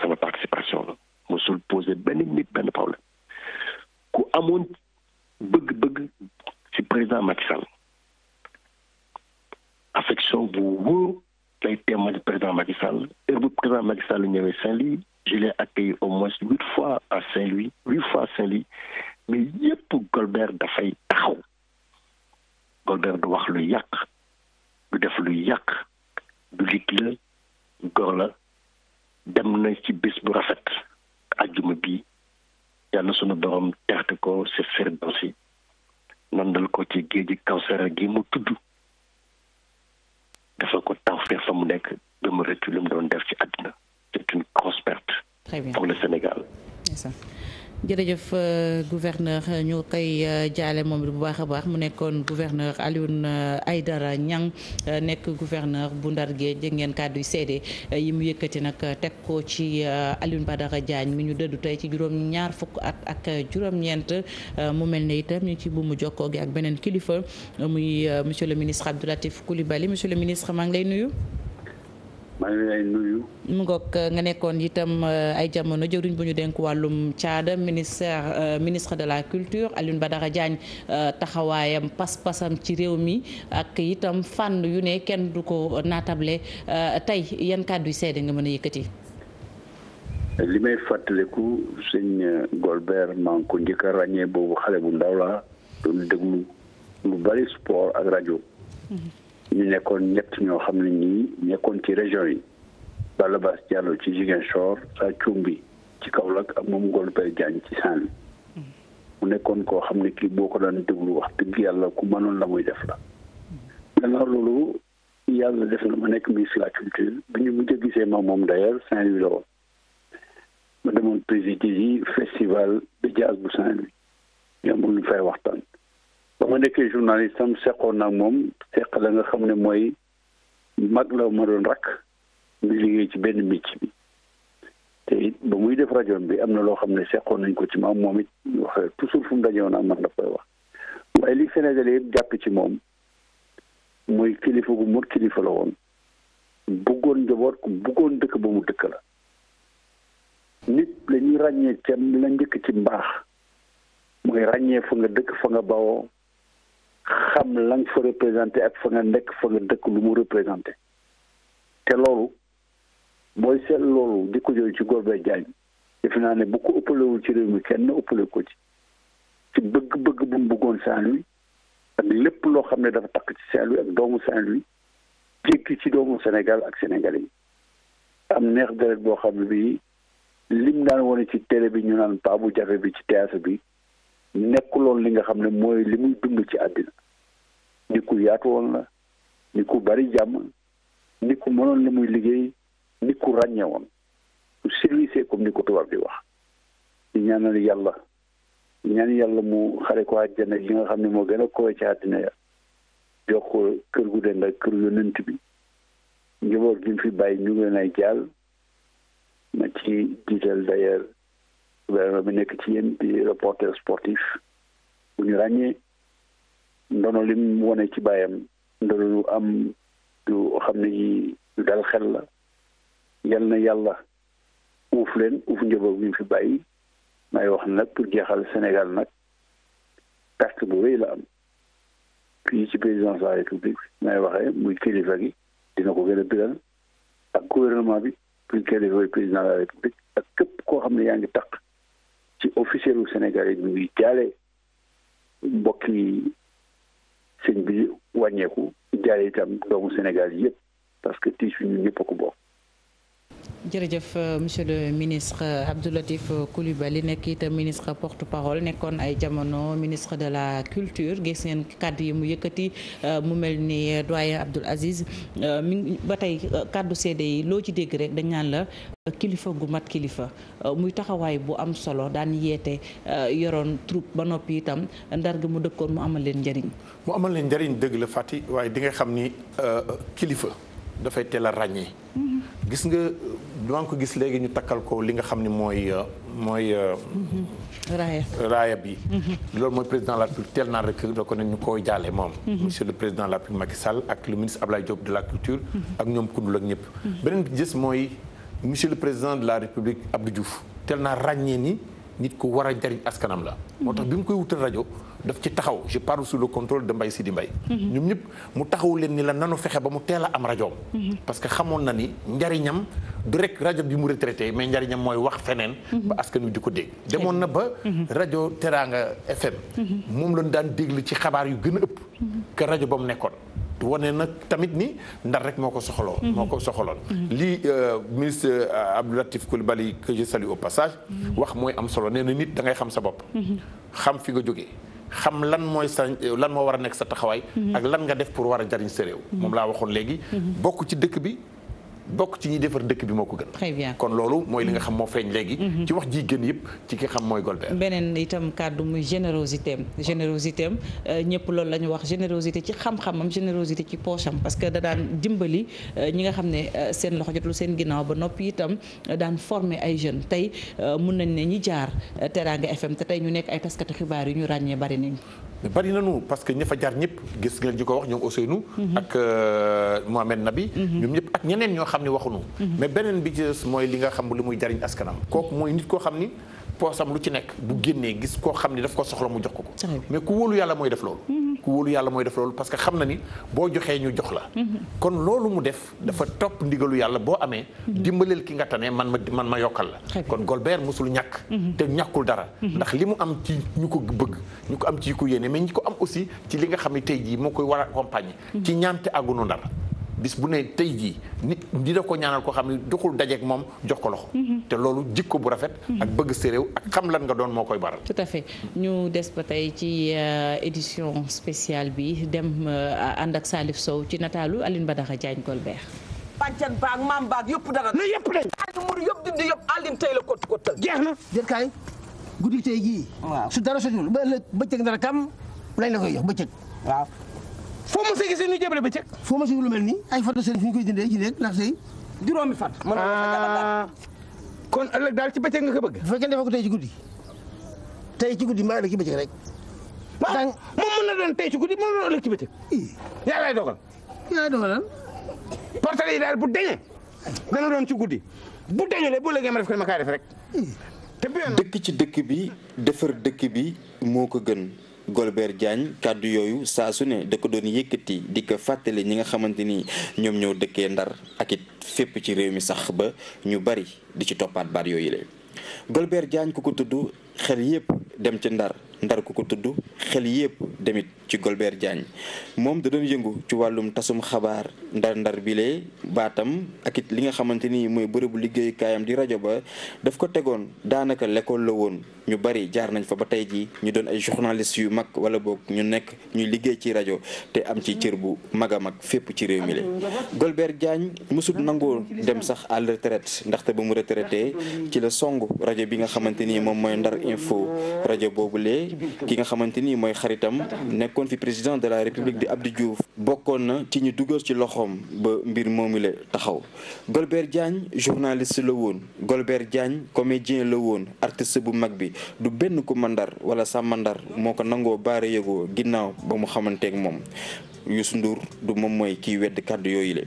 sama participation la musul posé benn nit benn problème ku amoon bëgg-bëgg ci président Macky Sall affection bu wóor lay téeméer président Macky heure bu président Macky Sall ñëwee Saint-Louis je l'ai accueilli au moins huit fois à Saint-Louis huit fois Saint-Louis mais yépp Golbert dafay taxaw Golbert du wax lu yàq du def lu yàq du lig la gor la dem na ci bis bu rafet àjjuma bi yàlla sunu borom teexte ko se ser dansi nandal ko ci géeji Kawsara gi mu tudd dafa ko tawfeex fa mu nekk ba mu rëccu lu mu doon def ci àddina c'est une grosse pour le Sénégal. jërëjëf euh, gouverneur ñu koy euh, jaale moom bu baax a baax mu nekkoon gouverneur Alioune euh, Aydara Niang nekk gouverneur bu Ndar Géej jëg ngeen kàddu yi yi mu yëkkati nag teg ko ci Alioune Badara Diagne mi ñu dëddu tey ci juróom ñaar fukk at ak juróom-ñeent mu mel ne itam ñu ci bu mu jokkoo gi ak beneen kilifa muy monsieur le ministre Abdoulatif Coulibaly monsieur le ministre maa ngi lay nuyu. maa ngi lay nuyu. mu ngoog euh, nga nekkoon itam euh, ay jamono jëriñ bu ñu dénk wàllum caada ministère euh, ministre de la culture Alioune Badara Diagne taxawaayam pas-pasam ci réew mi ak itam fànn yu ne kenn du ko naatable tey yan kàddu yu seede nga mën a yëkkati. li may fàttaliku sëñ Golbert maa ngi ko njëkk ràññee boobu xale bu ndaw la doon déglu lu bari sport ak rajo. Mm-hmm. ñu nekkoon ñett ñoo xam ne ñii nekkoon ci région yi Balla Bass Diallo ci Ziguinchor sa Thioumbi ci Kaolack ak moom Ngone Père Diagne ci Saint-Louis mu nekkoon koo xam ne kii boo ko daan déglu wax dëgg yàlla ku mënoon la muy def la gannaaw loolu yàlla def na ma nekk ministre de la culture bi ñu mujj a gisee ma moom d'ailleurs Saint-Louis la woon ma demoon présider yi festival de jazz bu Saint-Louis ñu amoon lu fay waxtaan ba ma nekkee journaliste am seqoon nag moom seq la nga xam ne mooy mag la ma doon rakk mu liggéey ci benn micc bi te it ba muy def rajo bi am na loo xam ne seqoon nañ ko ci maam moom it wax toujours fu mu dajewoon ak man la koy wax waaye li Sénégalais yëpp jàpp ci moom mooy kilifa gu mot kilifa la woon bëggoon njaboot ku bëggoon dëkk ba mu dëkk la nit lañuy ñuy ràññee ca la njëkk ci mbaax mooy ràññee fa nga dëkk fa nga bawoo xam la nga fa représenté ak fa nga nekk fa nga dëkk lu mu représenté te loolu booy seet loolu di ko jooju ci Golbert Diagne defe naa ne bu ko ëppalewul ci réew mi kenn ëppale ko ci ci bëgg-bëgg bu mu bëggoon Saint-Louis ak lépp loo xam ne dafa takk ci Saint-Louis ak doomu Saint-Louis jékki ci doomu Sénégal ak Sénégalais yi am neex deret boo xam ne bii lim daan wane ci télé bi ñu naan paa jafe bi ci théâtre bi nekkuloon li nga xam ne mooy li muy dund ci àddina nit ku yaatu woon la nit ku bari jàmm nit ku mënoon la muy liggéey nit ku ràññe woon ku service comme ni ko tubaab di wax di ñaanal yàlla ñaan yàlla mu xare ko àjjana yi nga xam ne moo gën a kowe ci àddina ya jox ko kër gu dend kër yonent bi njaboot gi fi bàyyi ñu ngi leen ay jaal ma ci jiital d'ailleurs gouvernement bi nekk ci yéen di reporter sportif bu ñu ràññee ndono lim wane ci bàyyam ndono lu am lu xam ne dal xel la yal na yàlla uuf leen uuf njaboot bi fi bàyyi may wax nag pour jeexal Sénégal nag perte bu rëy la am fii ci présidence de la république may waxee muy kilifa gi dina ko gën a biral ak gouvernement bi plus kilifa président de la république ak képp koo xam ne yaa ngi takk ci officier lu Sénégal yi ñu ngi jaale mbokk yi sëñ bi wàññeeku jaale itam doomu Sénégal yëpp parce que tiis bi ñun ñëpp a ko bokk. jërëjëf euh, monsieur le ministre euh, Abdou Latif li nekk itam ministre porte parole nekkoon ay jamono ministre de la culture gis ngeen kàddu yi mu yëkkati euh, mu mel ni doyen Abdoul Aziz mi ba tey kàddu seede yi loo ci dégg rek dañ naan la kilifa gu mat kilifa muy taxawaay bu am solo daan yeete yoroon troupe ba noppi itam ndar mu dëkkoon mu amal leen njëriñ. mu amal leen njëriñ dëgg la Fati waaye di nga xam ni kilifa. dafay teel a ràññee. gis nga maa ko gis léegi ñu takkal ko li nga xam ni mooy euh, mooy. Euh, raaya raaya bi. Mhm. loolu mooy président la République teel naa rek reconnaître ñu koy jaale moom. Mhm. monsieur le président la République Macky Sall ak le ministre Abdoulaye Diop de la culture. Mhm. ak ñoom Koundoul ak ñëpp. beneen bi gis mooy monsieur le président de la République Abdou Diouf teel naa ràññee ni. nit ku war a jariñ askanam la. moo tax bi mu koy wutal rajo daf ci taxaw je parle sous le contrôle de Mbaye Sidi Mbaye. Mhm. ñoom ñëpp mu taxaw leen ni la nanu fexe ba mu teel a am rajoom. Mhm. parce que xamoon na ni njariñam du rek rajo bi mu retraité mais njariñam mooy wax feneen. ba mhm. askan wi di ko dégg. demoon na ba. rajo Teranga FM. moom lañ daan déglu ci xabaar yu gën a ëpp. que rajo ba mu nekkoon. wane nag tamit ni ndar rek moo ko soxaloon. Mhm. moo ko soxaloon. Mhm. lii euh, ministre euh, Abdou Latif Coulibaly que je salue au passage. Mhm. wax mooy am solo nee na nit da ngay xam sa bopp. xam fi nga jógee. xam lan mooy sa lan moo war a nekk sa taxawaay. ak lan nga def pour war a jariñ sa réew. moom laa waxoon léegi. bokk ci dëkk bi. bokk ci ñuy defar dëkk bi moo ko gën. kon loolu mooy li nga mm-hmm. xam moo feeñ léegi. Mm-hmm. ci wax ji gën yëpp ci ki xam mooy Golbert. beneen itam kàddu muy générosité am générosité am euh, ñëpp loolu la ñu wax générosité ci xam-xamam générosité ci poche am parce que da daan dimbali euh, ñi nga xam ne euh, seen loxo lu seen ginnaaw ba noppi itam daan former ay jeunes tey mun nañ ne ñi jaar Teranga FM te tey ñu nekk ay taskati xibaar yu ñu ràññee bari nañ. mais na nañu parce que ña fa jaar ñëpp gis ngeen ji ko wax ñoom Ousseynou. Mhm. ak euh, Mohamed Nabi. Mhm. ñoom ñëpp ak ñeneen ñoo xam ne waxuñu. Mhm. mais beneen bi ci mooy li nga xam lu muy jariñ askanam. kooku mooy nit koo xam ni. poosam lu ci nekk bu génnee gis koo xam ni daf ko soxla mu jox ko ko mais ku wóolu yàlla mooy def loolu mm-hmm. ku wóolu yàlla mooy def loolu parce que xam na ni boo joxee ñu jox la mm-hmm. kon loolu mu def dafa topp ndigalu yàlla boo amee mm-hmm. dimbaleel ki nga tane man ma man ma yokkal la kon Golbert musul ñàkk te ñàkkul dara ndax li mu am ci ñu ko bëgg ñu ko am ci ko yéene mais ñi ko am aussi ci li nga xam ne tey jii moo koy war a accompagner ci ñaante àggunu ndar bis bu ne tey jii nit dina ko ñaanal koo xam ne doxul dajeek moom jox ko loxo. Mhm. te loolu jikko bu rafet. Mhm. ak bëgg sa réew ak xam lan nga doon moo koy baral. tout à fait ñu des ba tey ci euh, édition spéciale bi dem euh, ànd ak Salif Sow ci nataalu Aline Badara Diagne Golbert. bàjjan baag maam baag yëpp dara. na yëpp de. Aliou tey la ko ko tël. jeex na jërëjëf kaay guddi tey jii. waaw su dara sotul ba ëllëg bëccëg dara kam lañ la koy jox bëccëg waaw. foo ma see gisee ñu jébale ba cëg foo ma see lu mel nii ay fatu seen fi ñu koy jëndee ci nekk ndax juróomi fat ah. mën kon ëllëg daal ci bëccëg nga ko bëgg bu fekkee dafa tey ci guddi tey ci guddi mbaa ëllëg ci bëccëg rek moom mën na doon tey ci guddi ci bëccëg yàllaay dogal yàllaay dogal lan yi daal bu deñee dana doon ci guddi bu deñulee bu ëllëgee ma def ko def rek dëkk ci dëkk bi defar dëkk bi moo ko gën Golbert Diagne kàddu yooyu saa su ne da ko doon yëkkati di ko fàttali ñi nga xamante ni ñoom ñoo dëkkee ndar ak it fépp ci réew mi sax ba ñu bari di ci toppaat baat yooyu la Golbert Diagne ku ko tudd xel yépp dem ca ndar ndar ku ko tudd xel yépp demit ci Golbert Diagne moom da doon yëngu ci wàllum tasum xabaar ndar-ndar bile baatam ak it li nga xamante ni mooy bërëbu liggéeyukaayam di rajo ba daf ko tegoon daanaka l'école la woon ñu bari jaar nañ fa ba tey ji ñu doon ay journaliste yu mag wala boog ñu nekk ñuy liggéey ci rajo te am ci cër bu mag a mag fépp ci réew mi la Golbert Diagne mësul nangoo dem sax à la retraite ndaxte ba mu retraité ci la song rajo bi nga xamante ni moom mooy Ndar rajo boobu Ndiaye ki nga xamante ni mooy xaritam nekkoon fi président de la république di Abdou Diouf bokkoon na ci ñu dugal ci loxoom ba mbir moomu la taxaw Golbert Diagne journaliste la woon Golbert jaañ comédien la woon artiste bu mag bi du benn ku mandar wala sàmmandar moo ko nangoo baare yëgoo ginnaaw ba mu xamanteeg moom Youssou Ndour du moom mooy kiy wedd kàddu yooyu le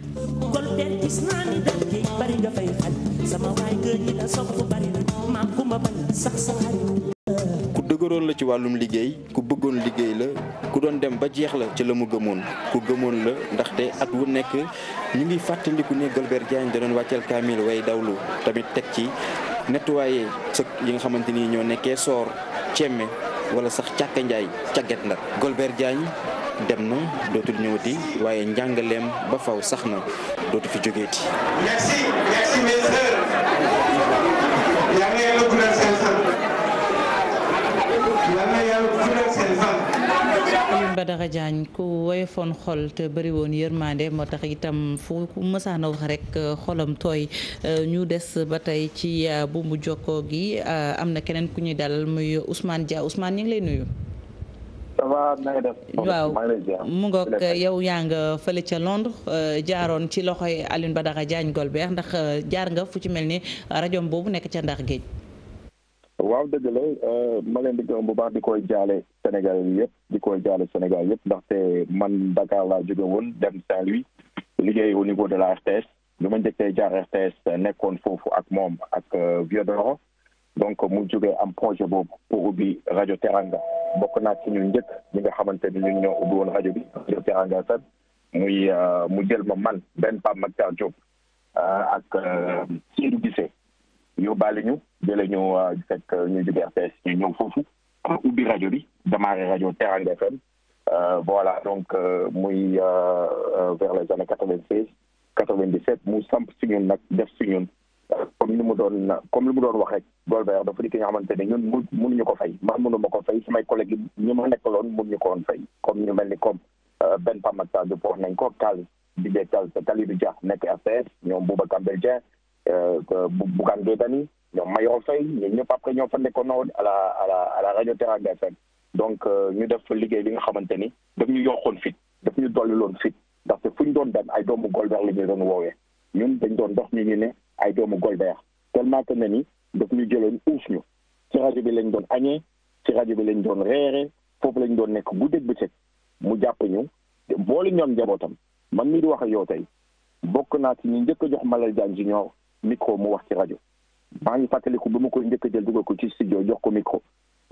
wóoroon la ci wàllum liggéey ku bëggoon liggéey la ku doon dem ba jeex la ci la mu gëmoon ku gëmoon la ndaxte ak wu nekk ñu ngi fàttaliku ne Golbert Diagne da doon wàcceel kaamil way dawlu tamit teg ci nettoyé sëkk yi nga xamante ni ñoo nekkee soor cemme wala sax càkka càgget ndar Golbert Diagne dem na dootul ñëwati waaye njàngaleem ba faw sax na dootu fi jógeeti merci Badara Diagne ku woyofoon xol te bëri woon yërmande moo tax itam fu mësaan a wax rek euh, xolam tooy euh, ñu des ba tey ci euh, buumu jokkoo gi am na keneen ku ñuy dalal muy usmaan Dia usmaan ñu ngi lay nuyu. ça waaw mu ngoog yow yaa nga fële ca Londres jaaroon ci loxoy Alioune Badara Diagne Golbert ndax jaar nga fu ci mel ni rajoom boobu nekk ca ndax Géej. waaw dëgg la euh, ma leen di gërëm bu baax di koy jaale Sénégal yëpp di koy jaale Sénégal yëpp ndaxte man Dakar laa jóge woon dem Saint-Louis liggéey au niveau de la RTS lu ma njëkkee jaar RTS nekkoon foofu ak moom ak euh, Vieux Doro donc mu jógee am projet boobu pour ubbi rajo Teranga bokk naa ki ñu njëkk ñi nga xamante ni ñun ñoo ubbi woon rajo bi rajo Teranga sax muy euh, mu jël ma man benn Pape Makhtar Diop ak Seydou Guissé yóbbaale ñu jële ñu euh, fekk ñu jóge RTS ñu ñëw foofu ubbi rajo bi démarré rajo Teranga FM euh, voilà donc euh, muy vers les années quatre vingt seize quatre vingt dix sept mu samp si ñun nag def si ñun comme ni mu doon comme li mu doon wax rek Golbert dafa di ki nga xamante ne ñun mun mënuñu ko fay man mënu ma ko fay samay collègues yi ñu ma nekkaloon mënuñu ko woon fay comme ñu mel ni comme benn pamakta bi wax nañ ko Kal Didier Kal Kalidou Dia nekk RTS ñoom Bouba Euh, euh, Bougane Gueye Dany ñoom Mayoro Faye ñun ñëpp après ñoo fa nekkoon à la à la à la rajo Teranga donc euh, ñu def liggéey bi nga xamante ni daf ñu yokkoon fit daf ñu dolli loon fit ndaxte fu ñu doon dem ay doomu Golbert la ñu doon woowee ñun dañ doon dox ñu ñu ne ay doomu Golbert tellement que ne ni daf ñu jëloon uuf ñu ci rajo bi lañ doon añee ci rajo bi lañ doon reere foofu lañ doon nekk guddeeg bëccëg mu jàpp ñu boole ñoom njabootam man mii di wax ak yow tey bokk naa ñu njëkk a jox Malal Diagne junior micro mu wax ci rajo maa ngi fàttaliku ba ma koy njëkk a jël dugal ko ci studio jox ko micro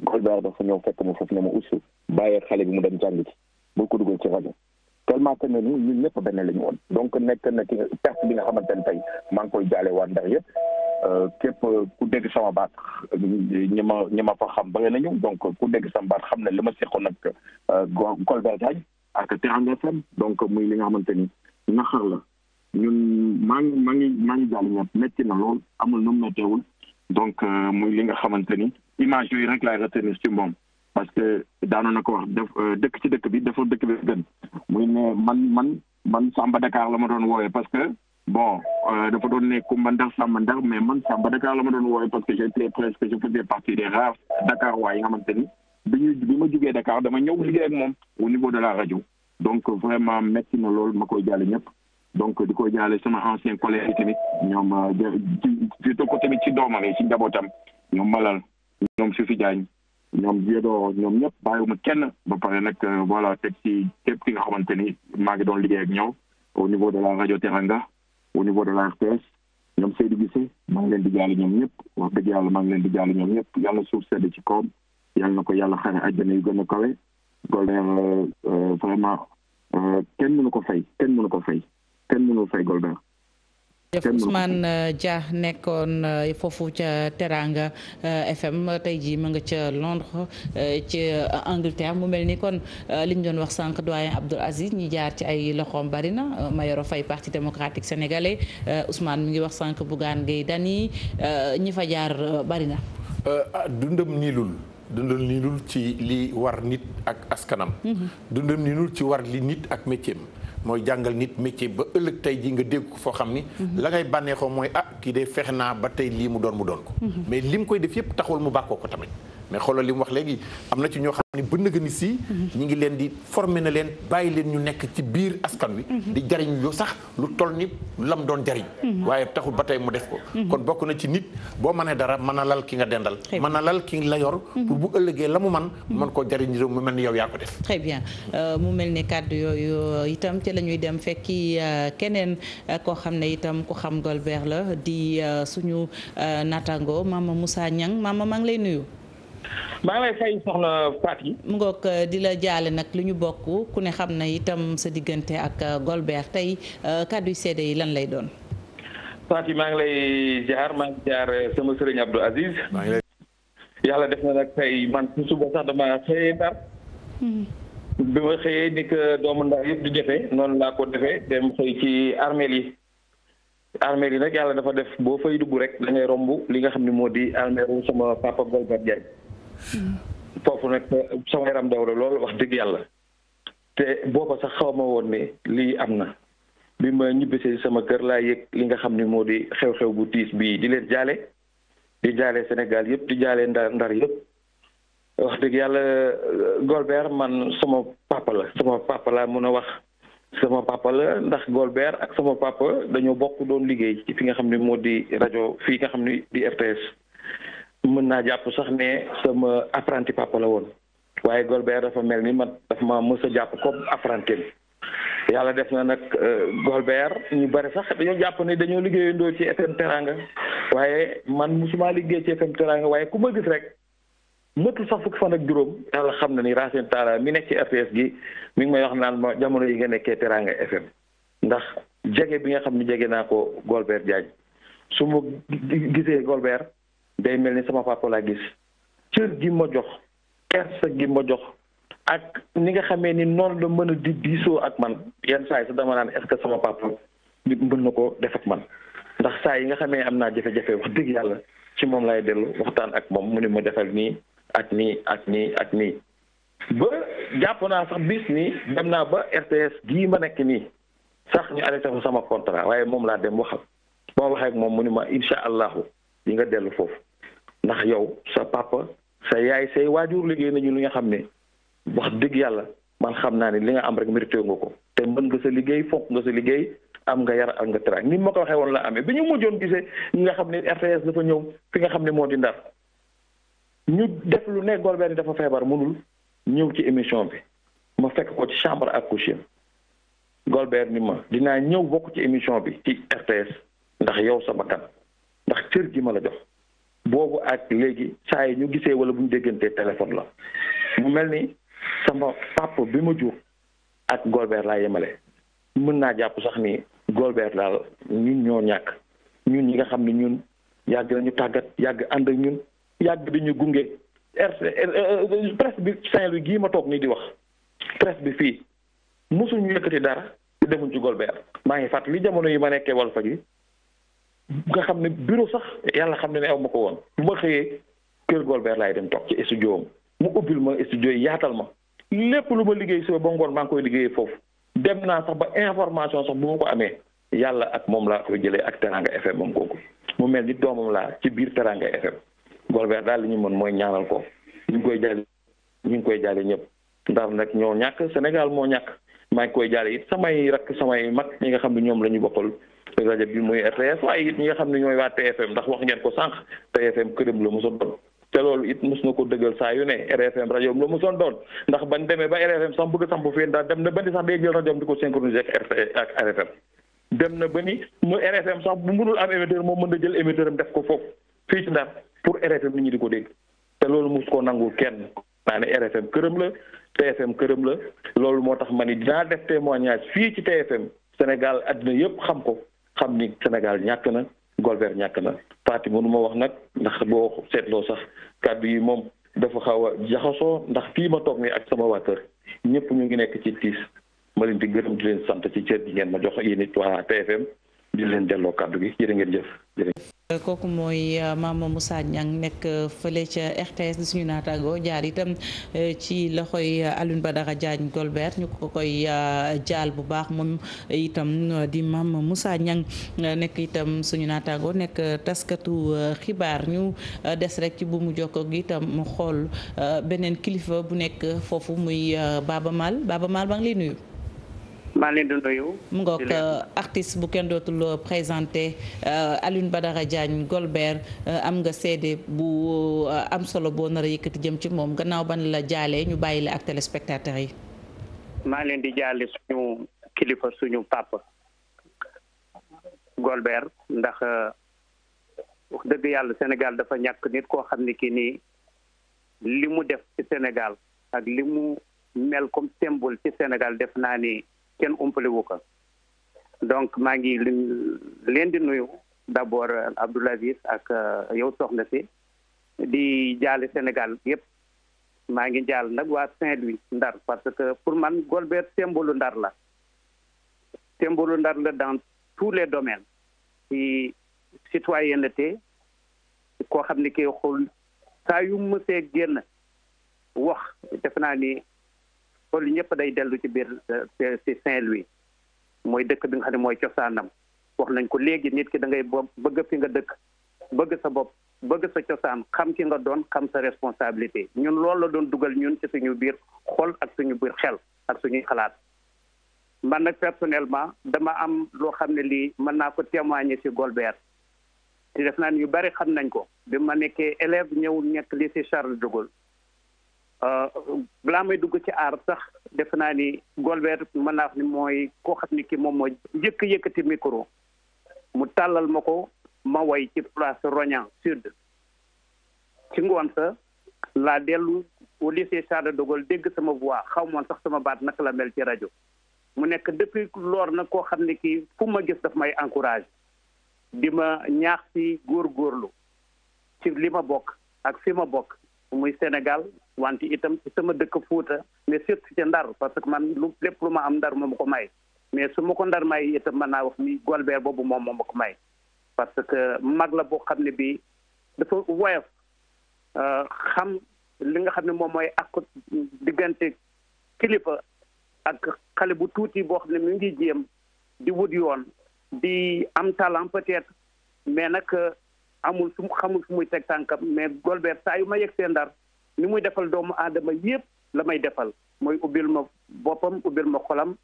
Golbert dafa ñëw fekk ma foofu ne ma ussu bàyyi xale bi mu dem jàng ci boo ko dugal ci rajo tellement que ne ñun ñun ñëpp benn la ñu woon donc nekk na ki perte bi nga xamante ne tey maa ngi koy jaale waa Ndar yëpp euh, képp ku dégg sama baat ñi ma ñi ma fa xam bëri nañu donc ku dégg sama baat xam ne li ma seqoon ak euh, Golbert Diagne ak Teranga Fm donc muy li nga xamante ni naxar la ñun maa ngi maa ngi maa ngi jàll ñëpp métti na lool amul nu méttewul donc euh, muy li nga xamante ni image yooyu rek laay retenir ci moom parce que daanoon na ko wax def euh, dëkk ci dëkk bi deful dëkk bi gën muy ne man man man Samba Dakar la ma doon wooyee parce que bon euh, dafa doon ne Koumba Ndar man Samba Dakar la ma doon wooyee parce que j'étais presque je faisais partie des rares Dakar waa yi nga xamante ni bi ñu bi ma jugee Dakar dama ñëw liggéey ak moom au niveau de la rajo donc vraiment métti na lool ma koy jàll ñëpp donc di koy jaale sama ancien collègue yi tamit ñoom surtout euh, ko tamit ci doomam yi ci njabootam ñoom Malal ñoom Sufi Diagne ñoom Diédo ñoom ñëpp bàyyiwuma kenn ba pare nag euh, voilà teg ci képp ki nga xamante ni maa ngi doon liggéey ak ñoom au niveau de la rajo Teranga au niveau de la RTS ñoom bi Guissé maa ngi leen di jaale ñoom ñëpp wax dëgg yàlla maa ngi leen di jaale ñoom ñëpp yàlla suuf sedd ci kawam yàlla na ko yàlla xare àjjana yu gën a kawe Golder euh, vraiment kenn mënu ko fay kenn mënu ko fay. kenn mënul fay Golda jëf Ousmane euh, Dia nekkoon euh, foofu ca teraanga euh, FM tey jii ma nga ca Londres ci Angleterre mu mel ni kon liñ doon wax sànq doyen Abdoul Aziz ñi jaar ci ay loxoom bari na Mayoro Faye parti démocratique sénégalais Ousmane mi ngi wax sànq Bougane Gueye Dany ñi fa jaar bari na. Ah, dundam niilul dundam niilul ci li war nit ak askanam. Mhm. dundam niilul ci war li nit ak métier mooy jàngal nit métier ba ëllëg tey ji nga dégg ko foo xam ni mhm. la ngay bànneexoo mooy ah kii de fexe naa ba tey lii mu doon mu doon ko mhm. mais lim koy def yëpp taxul mu bàkkoo ko tamit mais xoolal li mu wax léegi am na ci ñoo xam ne ba nëgë ni ñu ngi leen di former na leen bàyyi leen ñu nekk ci biir askan wi. di jariñ yoo sax lu toll ni lam doon jariñ. waaye taxul ba tey mu def ko. kon bokk na ci nit boo mënee dara mën a lal ki nga dendal. mën a lal ki la yor. pour bu ëllëgee la mu man mën koo jariñ réew mu mel ni yow yaa ko def. très bien euh, mu mel ni kàddu yooyu euh, itam ci la ñuy dem fekki euh, keneen koo xam ne itam ku xam Golbert la di suñu naataango maama Moussa maa ngi lay fay soxna Faty. mu ngoog euh, di la jaale nag lu ñu bokk ku ne xam na itam sa diggante ak euh, Golbert tey euh, kàddu seede yi lan lay doon. Faty maa maa ngi jaar sama sëriñ Abdou Aziz. def na nag tey man su suba sax dama xëyee ndar. Hmm. bi ma xëyee ni doomu ndar yëpp du defee noonu laa ko defee dem xëy ci armeel yi. armeel yi nag yàlla dafa def boo fay dugg rek dangay romb li nga xam ne moo di armeelu sama papa Golbert Diagne. foofu nag sama yaram daw la wax dëgg yàlla te booba sax xaw ma woon ne lii am na bi ma ñibbisee sama kër laa yëg li nga xam ni moo di xew-xew bu tiis bii di leen jaale di jaale Sénégal yëpp di jaale ndar ndar yëpp wax dëgg yàlla Golbert man sama papa la sama papa laa mën a wax sama papa la ndax Golbert ak sama pàppa dañoo bokk doon liggéey ci fi nga xam ne moo di rajo fii nga xam ni di RTS mën naa jàpp sax ne sama apprenti papa la woon waaye Golbert dafa mel ni man dafa ma mës a jàpp comme apprenti yàlla def na nag euh, Golbert ñu bari sax dañoo jàpp ni dañoo liggéeyandoo ci FM Teranga waaye man musuma liggéey ci FM Teranga waaye ku ma gis rek mëtul sax fukki fan ak juróom yàlla xam na ni Racine Talla mi nekk ci RTS gi mi ngi may wax naan ma jamono yi nga nekkee Teranga FM ndax jege bi nga xam ne jege naa ko Golbert Diagne su gisee Golbert day mel ni sama papa laa gis cër gi ma jox kersa gi ma jox ak ni nga xamee ni noonu la mën a di diisoo ak man yenn saay yi dama naan est sama papa nit mën na ko def ak man ndax saa yi nga xamee am naa jafe-jafe wax dëgg yàlla ci moom lay dellu waxtaan ak moom mu ne ma defal nii ak nii ak nii ak nii ba jàpp naa sax bis nii dem naa ba RTS gii ma nekk nii sax ñu arrêté ko sama contrat waaye moom laa dem waxal ba ma waxee ak moom mu ne ma incha allahu yi nga dellu foofu ndax yow sa papa sa yaay say waajur liggéey nañu li nga xam ne wax dëgg yàlla man xam naa ne li nga am rek mérité nga ko te mën nga sa liggéey fonk nga sa liggéey am nga yar am nga tra ni ma ko waxee woon la amee bi ñu mujjoon gisee ñi nga xam ne RTS dafa ñëw fi nga xam ne moo di ndar ñu def lu ne Golbert dafa feebar mënul ñëw ci émission bi ma fekk ko ci chambre ak coucher Golbert ni ma dinaa ñëw bokk ci émission bi ci RTS ndax yow sa bakkan ndax cër gi ma la jox boobu ak léegi saa yi ñu gisee wala bu ñu déggantee téléphone la mu mel ni sama papa bi ma jur ak Golbert laa yemale mën naa jàpp sax ni Golbert daal ñun ñoo ñàkk ñun ñi nga xam ne ñun yàgg nañu tàggat yàgg ànd ak ñun yàgg dañu gunge euh, presse bi Saint-Louis gii ma toog nii di wax presse bi fii mosuñu yëkkati dara defuñ ci Golbert maa ngi fàttali jamono yi ma nekkee Walfadjri nga xam ne bureau sax yàlla xam ne ne aw ma ko woon bu ma xëyee kër Golbert laay dem toog ci studio am mu ubbil ma studio yaatal ma lépp lu ma liggéey soo ba ngoon maa ngi koy liggéeyee foofu dem naa sax ba information sax bu ko amee yàlla ak moom laa koy jëlee ak Teranga FM moom kooku mu mel ni doomam laa ci biir Teranga FM Golbert daal li ñu mën mooy ñaanal ko ñu ngi koy jaale ñu ngi koy jaale ñëpp ndax nag ñoo ñàkk Sénégal moo ñàkk maa ngi koy jaale it samay rakk samay mag ñi nga xam ne ñoom la ñu bokkal rajo bi muy RTS waaye nga xam ne ñooy waa TFM ndax wax ngeen ko sànq TFM këram la mosoon doon te loolu it mos na ko dëggal saa yu ne RFM rajoom la mosoon doon ndax ban demee ba RFM sax bëgg a samp fii daal dem na ba ni sax day jël rajoom di ko synchroniser ak RTS dem na ba ni mu RFM sax bu mënul am émetteur moom mën na jël émetteur am def ko foofu fii ci Ndar pour RFM nit ñu di ko dégg te loolu mos koo nangul kenn naa ne RFM këram la TFM këram la loolu moo tax ma ni dinaa def témoignage fii ci TFM Sénégal àddina yëpp xam ko xam ni Sénégal ñàkk na Golbert ñàkk na parti mënu ma wax nag ndax boo seetloo sax kàddu yi moom dafa xaw a jaxasoo ndax fii ma toog nii ak sama waa kër ñëpp ñu ngi nekk ci tiis ma leen di gërëm di leen sant ci cër bi ngeen ma jox yéen it waa TFM di leen delloo kàddu gi jërë euh, kooku mooy euh, Mame Moussa Niang nekk euh, fële ca RTS di suñu naataagoo jaar itam ci loxoy ba Badara jaañ Golbert ñu ko koy jaal bu baax moom itam di ma Moussa Niang nekk itam suñu naataango nekk taskatu xibaar ñu des rek ci bu mu jokkoog itam mu xool beneen kilifa bu nekk foofu muy Baba Mal baaba Mal ba ngi nuyu. maa leen di nuyu. mu ngoog euh, artiste bu kenn dootul euh, présenté ba euh, Badara Diagne Golbert am nga seede bu am solo boo nar yëkkati jëm ci moom gannaaw ban la jaalee ñu bàyyi la ak téléspectateurs yi. maa leen di jaale suñu kilifa suñu papa Golbert ndax wax dëgg yàlla Sénégal dafa ñàkk nit koo xam ne ki nii li mu def ci Sénégal ak li mu mel comme symbole ci Sénégal def naa ni. kenn umpale wu ko donc maa ngi leen di nuyu d' abord euh, Abdoul Aziz ak euh, yow soxna si di jaale Sénégal yëpp maa ngi jaal nag waa Saint-Louis Ndar parce que pour man Golbert symbole Ndar la symbole Ndar la dans tous les domaines ci citoyenneté koo xam ne kii xool saa yu mësee génn wax defe naa ni loolu ñëpp day dellu ci biir euh, ci Saint-Louis mooy dëkk bi nga xam ne mooy cosaanam wax nañ ko léegi nit ki da ngay bëgg fi nga dëkk bëgg sa bopp bëgg sa cosaan xam ki nga doon xam sa responsabilité ñun loolu la doon dugal ñun ci suñu biir xol ak suñu biir xel ak suñuy xalaat man nag personnellement dama am loo xam ne lii mën naa ko témoigner ci Golbert te def naa ni yu bari xam nañ ko bi ma nekkee élève ñëwul nekk li Charles de Gaulle Euh, balaa may dugg ci aar sax def naa ni Golbert mën naa ni mooy koo xam ni ki moom moo njëkk yëkkati micro mu tàllal ma ko ma woy ci place Rognan Sud ci ngoon sa laa dellu au lycée Charles de dégg sama voix xaw moon sax sama baat naka la mel ci rajo mu nekk depuis loor nag koo xam ne kii fu ma gis daf may encourage di ma ñaax góor góorlu ci li ma bokk ak fi ma bokk muy Sénégal wante itam ci sama dëkk Fuuta mais surtout ci Ndar parce que man lu lépp lu ma am Ndar moo ko may mais su ma ko Ndar may itam mën naa wax ni Golbert boobu moom moo ma ko may parce que mag la boo xam ne bii dafa woyof euh, xam li nga xam ne moom mooy ak diggante kilifa ak xale bu tuuti boo xam ne mu ngi jéem di wut yoon di am talent peut mais nag amul su xamul fu muy teg tànkam mais Golbert saa yu ma yegg see ndar ni muy defal doomu aadama yépp la may defal mooy ubbil ma boppam ubbil ma xolam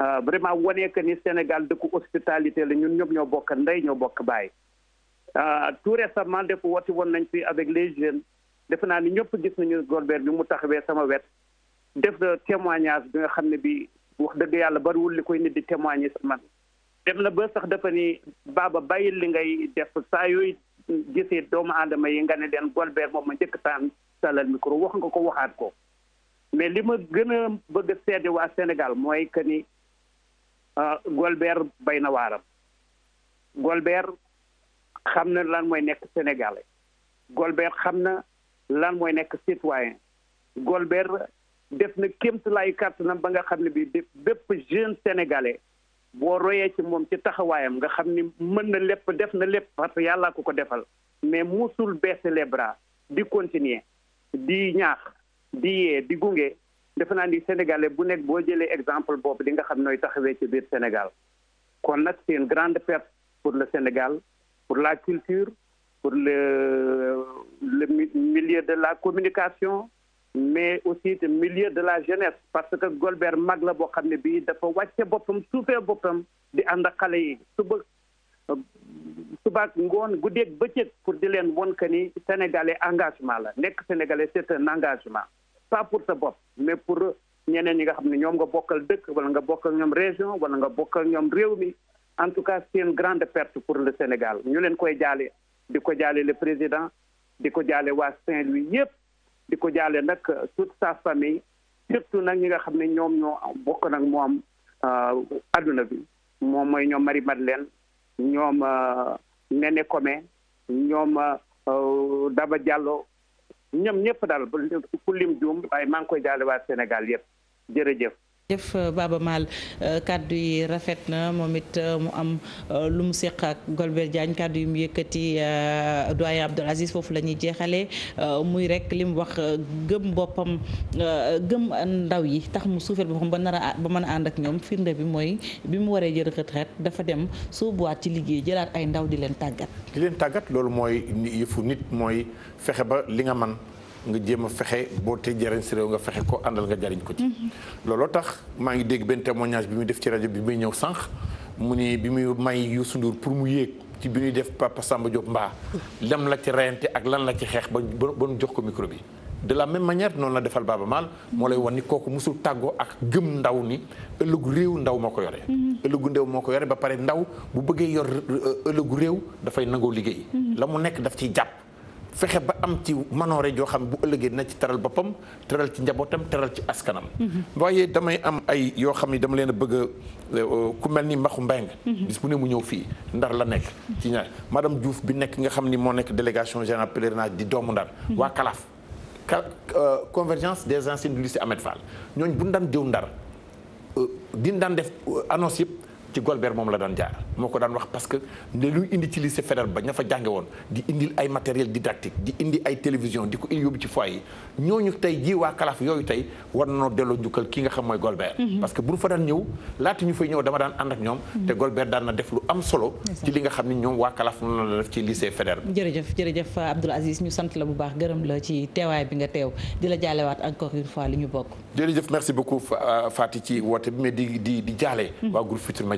euh, vraiment wane que ni Sénégal dëkku hospitalité la ñun ñëpp ñoo bokk ndey ñoo bokk baay. Euh, tout récemment def woti woon nañ fi avec les jeunes defe naa ni ñëpp gis nañu Golbert bi mu taxawee sama wet def témoignage bi nga xam ne bi wax dëgg yàlla bariwul li koy nit di témoigner si man. dem na ba sax dafa ni baaba gisee doomu aadama yi nga ne leen Golbert moom ma njëkk taan talal micro wax nga ko waxaat ko mais li ma gën a bëgg a seede waa Sénégal mooy que ni ah, Golbert bay na waaram Golbert xam na lan mooy nekk sénégalais Golbert xam na lan mooy nekk citoyen Golbert def na kéemtulaay kàttanam ba nga xam ne bi bépp jeune sénégalais boo royee ci moom ci taxawaayam nga xam ni mën na lépp def na lépp parce que yàllaa ko ko defal mais musul baisser les bras di continuer di ñaax di yee di gunge defe naa ni sénégalais bu nekk boo jëlee exemple boobu di nga xam nooy taxawee ci biir Sénégal kon nag seen une grande perte pour le Sénégal pour la culture pour le le milieu de la communication mais aussi te milieu de la jeunesse parce que Golbert mag la boo xam ne bii dafa wàcce boppam suufee boppam di ànd ak xale yi suba subaak ngoon guddeeg bëccëg pour di leen won que ni sénégalais engagement la nekk sénégalais c'est un engagement pas pour sa bopp mais pour ñeneen ñi nga xam ne ñoom nga bokkal dëkk wala nga bokkal ñoom région wala nga bokkal ñoom réew mi en tout cas c'est une grande perte pour le Sénégal ñu leen koy jaale di ko jaale le président di ko jaale waa Saint-Louis di ko jaale nag toute sa famille surtout nag ñi nga xam ne ñoom ñoo bokk nag moo am euh, adduna bi moom mooy ñoom Marie Madeleine ñoom euh, Néné Komé ñoom euh, Daba jàlloo ñoom ñëpp daal ku lim juum waaye maa koy jaale waa Sénégal yëpp jërëjëf jëf euh, Baba Maal euh, kàddu yi rafet na moom it euh, mu am lu mu séq ak Golbert kàddu yi mu yëkkati doyen Abdoul Aziz foofu la ñuy jeexalee muy rek li mu wax gëm boppam gëm ndaw yi tax mu suufeel boppam ba nar a ba mën a ànd ak ñoom firnde bi mooy bi mu waree jël retraite dafa dem sóobuwaat ci liggéey jëlaat ay ndaw di leen tàggat. di leen tàggat loolu mooy yëfu nit mooy fexe ba li nga man nga jéem a fexe boo te jariñ si réew nga fexe ko àndal nga jariñ ko ci. Mhm. looloo tax maa ngi dégg benn témoignage bi muy def ci rajo bi muy ñëw sànq mu ni bi muy may Youssou Ndour pour mu yéeg ci bi ñuy def Papa Samba Diop mbaa lam la ci reyante ak lan la ci xeex ba ba jox ko micro bi. de la même manière noonu la defal Baaba Maal moo lay wan ni kooku mosul tàggoo ak gëm ndaw ni ëllëgu réew ndaw moo ko yore. Mhm. ëllëgu réew moo ko yore ba pare ndaw bu bëggee yor euh, ëllëgu réew dafay nangoo liggéey. Mhm. la mu nekk daf ciy jàpp. fexe ba am ci manoore joo xam bu ëllëgee na ci teral boppam teral ci njabootam teral ci askanam. Mm-hmm. waaye damay am ay yoo xam ni dama leen a bëgg a euh, ku mel ni Mbaxu Mbeng mm-hmm. bis bu ne mu ñëw fii ndar la nekk. ci ñaar madame Diouf bi nekk nga xam ni moo nekk délégation générale pèlerinage di doomu ndar. Mm-hmm. waa Kalaaf. Euh, convergence des anciens du lycée Ahmed Fall ñooñ bu ñu daan jëw ndar euh, di daan def annonce yëpp. ci Golbert moom la daan jaar moo ko daan wax parce que ne luy indi ci lycée Faidherbe ba ña fa jànge woon di indil ay matériel didactique di indi ay télévision di ko indi yóbbu ci foyer ñooñu tey jii waa Kalaf yooyu tey war nañoo delloo njukkal ki nga xam mooy Golbert mhm. parce que bu ñu fa daan ñëw laata ñu fay ñëw dama daan ànd ak ñoom mhm. te Golbert daan na def lu am solo ci li nga xam ne ñoom waa Kalaf noonu la def ci lycée Faidherbe bi nga teew di la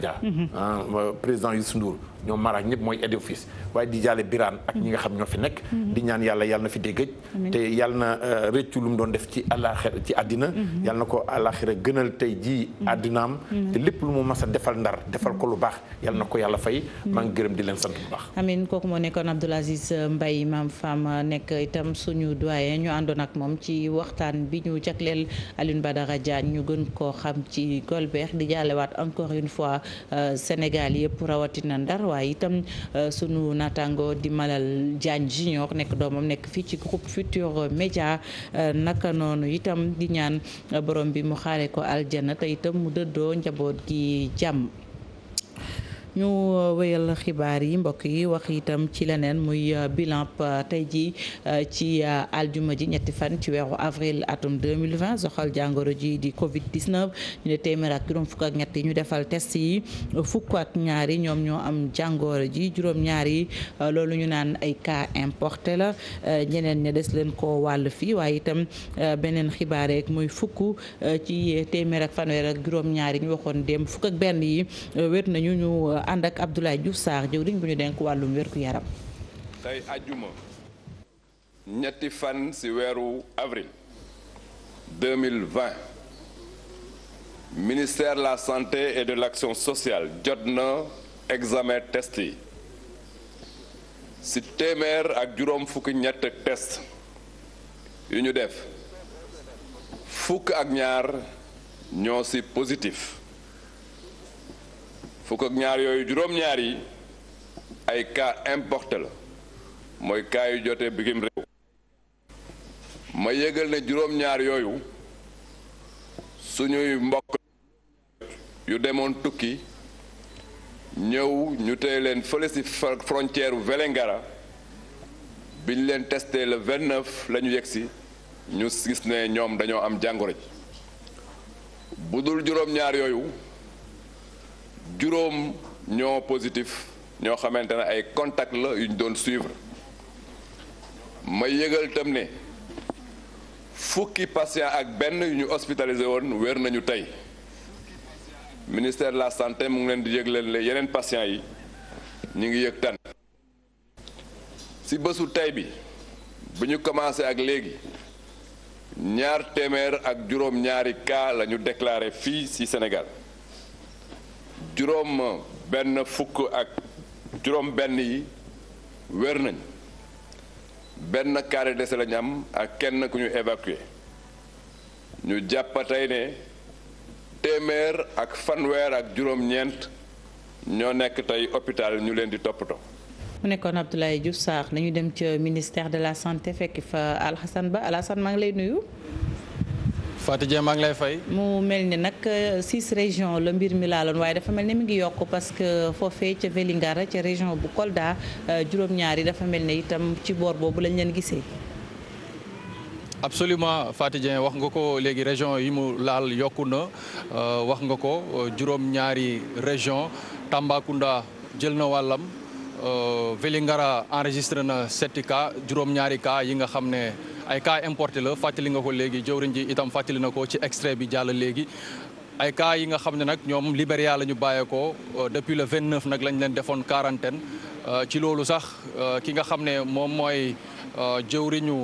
Dia. Ah, président Youssou Ndour ñoom maraaj ñëpp mooy aide office waaye di jaale biraan ak ñi nga xam ñoo fi nekk mm-hmm. di ñaan yàlla yàlla na fi déggëj te yàlla na euh, réccu lu mu doon def ci àllaaxira ci àddina mm-hmm. yàlla na ko àllaaxira gënal tey jii mm-hmm. àddinaam te lépp lu mu mas a defal ndar defal ko lu baax yàlla na ko yàlla fay maa ngi gërëm di leen sant bu baax amiin kooku moo nekkoon Abdoul Aziz Mbaye maam femme nekk itam suñu doyen ñu àndoon ak moom ci waxtaan bi ñu jagleel Alioune Badara Diagne ñu gën koo xam ci Golbert di jaalewaat encore une fois euh, Sénégal yëpp rawatina Ndar waaye itam euh, sunu naataango di Malal Diagne junior nekk doomam nekk fii ci groupe Futur Média euh, naka noonu itam di ñaan euh, borom bi mu xaare ko aljana tey itam mu dëddoo njaboot gi jàmm ñu euh, wéyal xibaar yi mbokk yi wax itam ci leneen muy euh, bilan tey ji euh, ci aljuma ji ñetti fan ci weeru avril atum 2020 soxal jàngoro ji di Covid 19 ñu téeméer ak fukk ak ñett yi ñu defal test yi fukk ak ñaari ñoom ñoo am jàngoro ji juróom ñaari loolu ñu naan ay cas importé la ñeneen ña des leen ko wàll fii waaye itam beneen xibaar yeeg muy fukk ci téeméer ak fanweer ak juróom ñaari ñu waxoon démb fukk ak benn yi wér nañu ñu ànd ak Abdoulaye Diouf Sarr jëwriñ bu ñu denk wàllum wérgu yaram tey àjjuma ñetti fan ci weeru avril 2020 ministère de la santé et de l'action sociale jot na examen test yi ci téeméer ak juróom fukki ñett ak test yu ñu def fukk ak ñaar ñoo ci positif fukk ak ñaar yooyu juróom-ñaar yi ay cas importé la mooy cas yu jotee bigim réew ma yëgal ne juróom-ñaar yooyu suñuy mbokk yu demoon tukki ñëw ñu tey leen fële ci frontière Vélingara bi ñu leen testé le 29 la ñu yegg si ñu gis ne ñoom dañoo am jàngoro bu dul juróom-ñaar yooyu juróom ñoo positif ñoo xamante ne ay contact la yu ñu doon suivre ma yëgal tam ne fukki patient ak benn yu ñu hospitalisé woon wér nañu tey ministère de la santé mu ngi leen di yëg leen yeneen patient yi ñu ngi yëg tan ci bésu tey bi bu ñu commencé ak léegi ñaar téeméer ak juróom ñaari cas la ñu déclaré fii ci Sénégal juróom benn fukk ak juróom benn yi wér nañ benn carré décès lañu ak kenn ku ñu évacué ñu jàpp tey ne téeméer ak fanweer ak juróom-ñeent ñoo nekk tey hôpital ñu leen di toppatoo. mu nekkoon Abdoulaye Diouf Sarr nañu dem ca ministère de la santé fekk fa Alhassane Ba Alhassane maa ngi lay nuyu. Fatou Dieng maa ngi lay fay. mu mel ni nag euh, six régions la mbir mi laaloon waaye dafa mel ni mu ngi yokk parce que foofee ca Vélingara ca région bu Kolda euh, juróom-ñaar yi dafa mel ne itam ci boor boobu lañ leen gisee. absolument Fatou wax nga ko léegi région yi mu laal yokku na euh, wax nga ko juróom-ñaari région Tambacounda jël na wàllam Vélingara enregistré na setti cas juróom-ñaari cas yi nga xam ne. ay cas importé la fàttali nga ko léegi jëwriñ ji itam fàttali na ko ci extrait bi jàll léegi ay cas yi nga xam ne nag ñoom Libéria la ñu bàyyeekoo euh, depuis le 29 nag lañu leen defoon quarantaine euh, ci loolu sax euh, ki nga xam ne moom mooy jëwriñu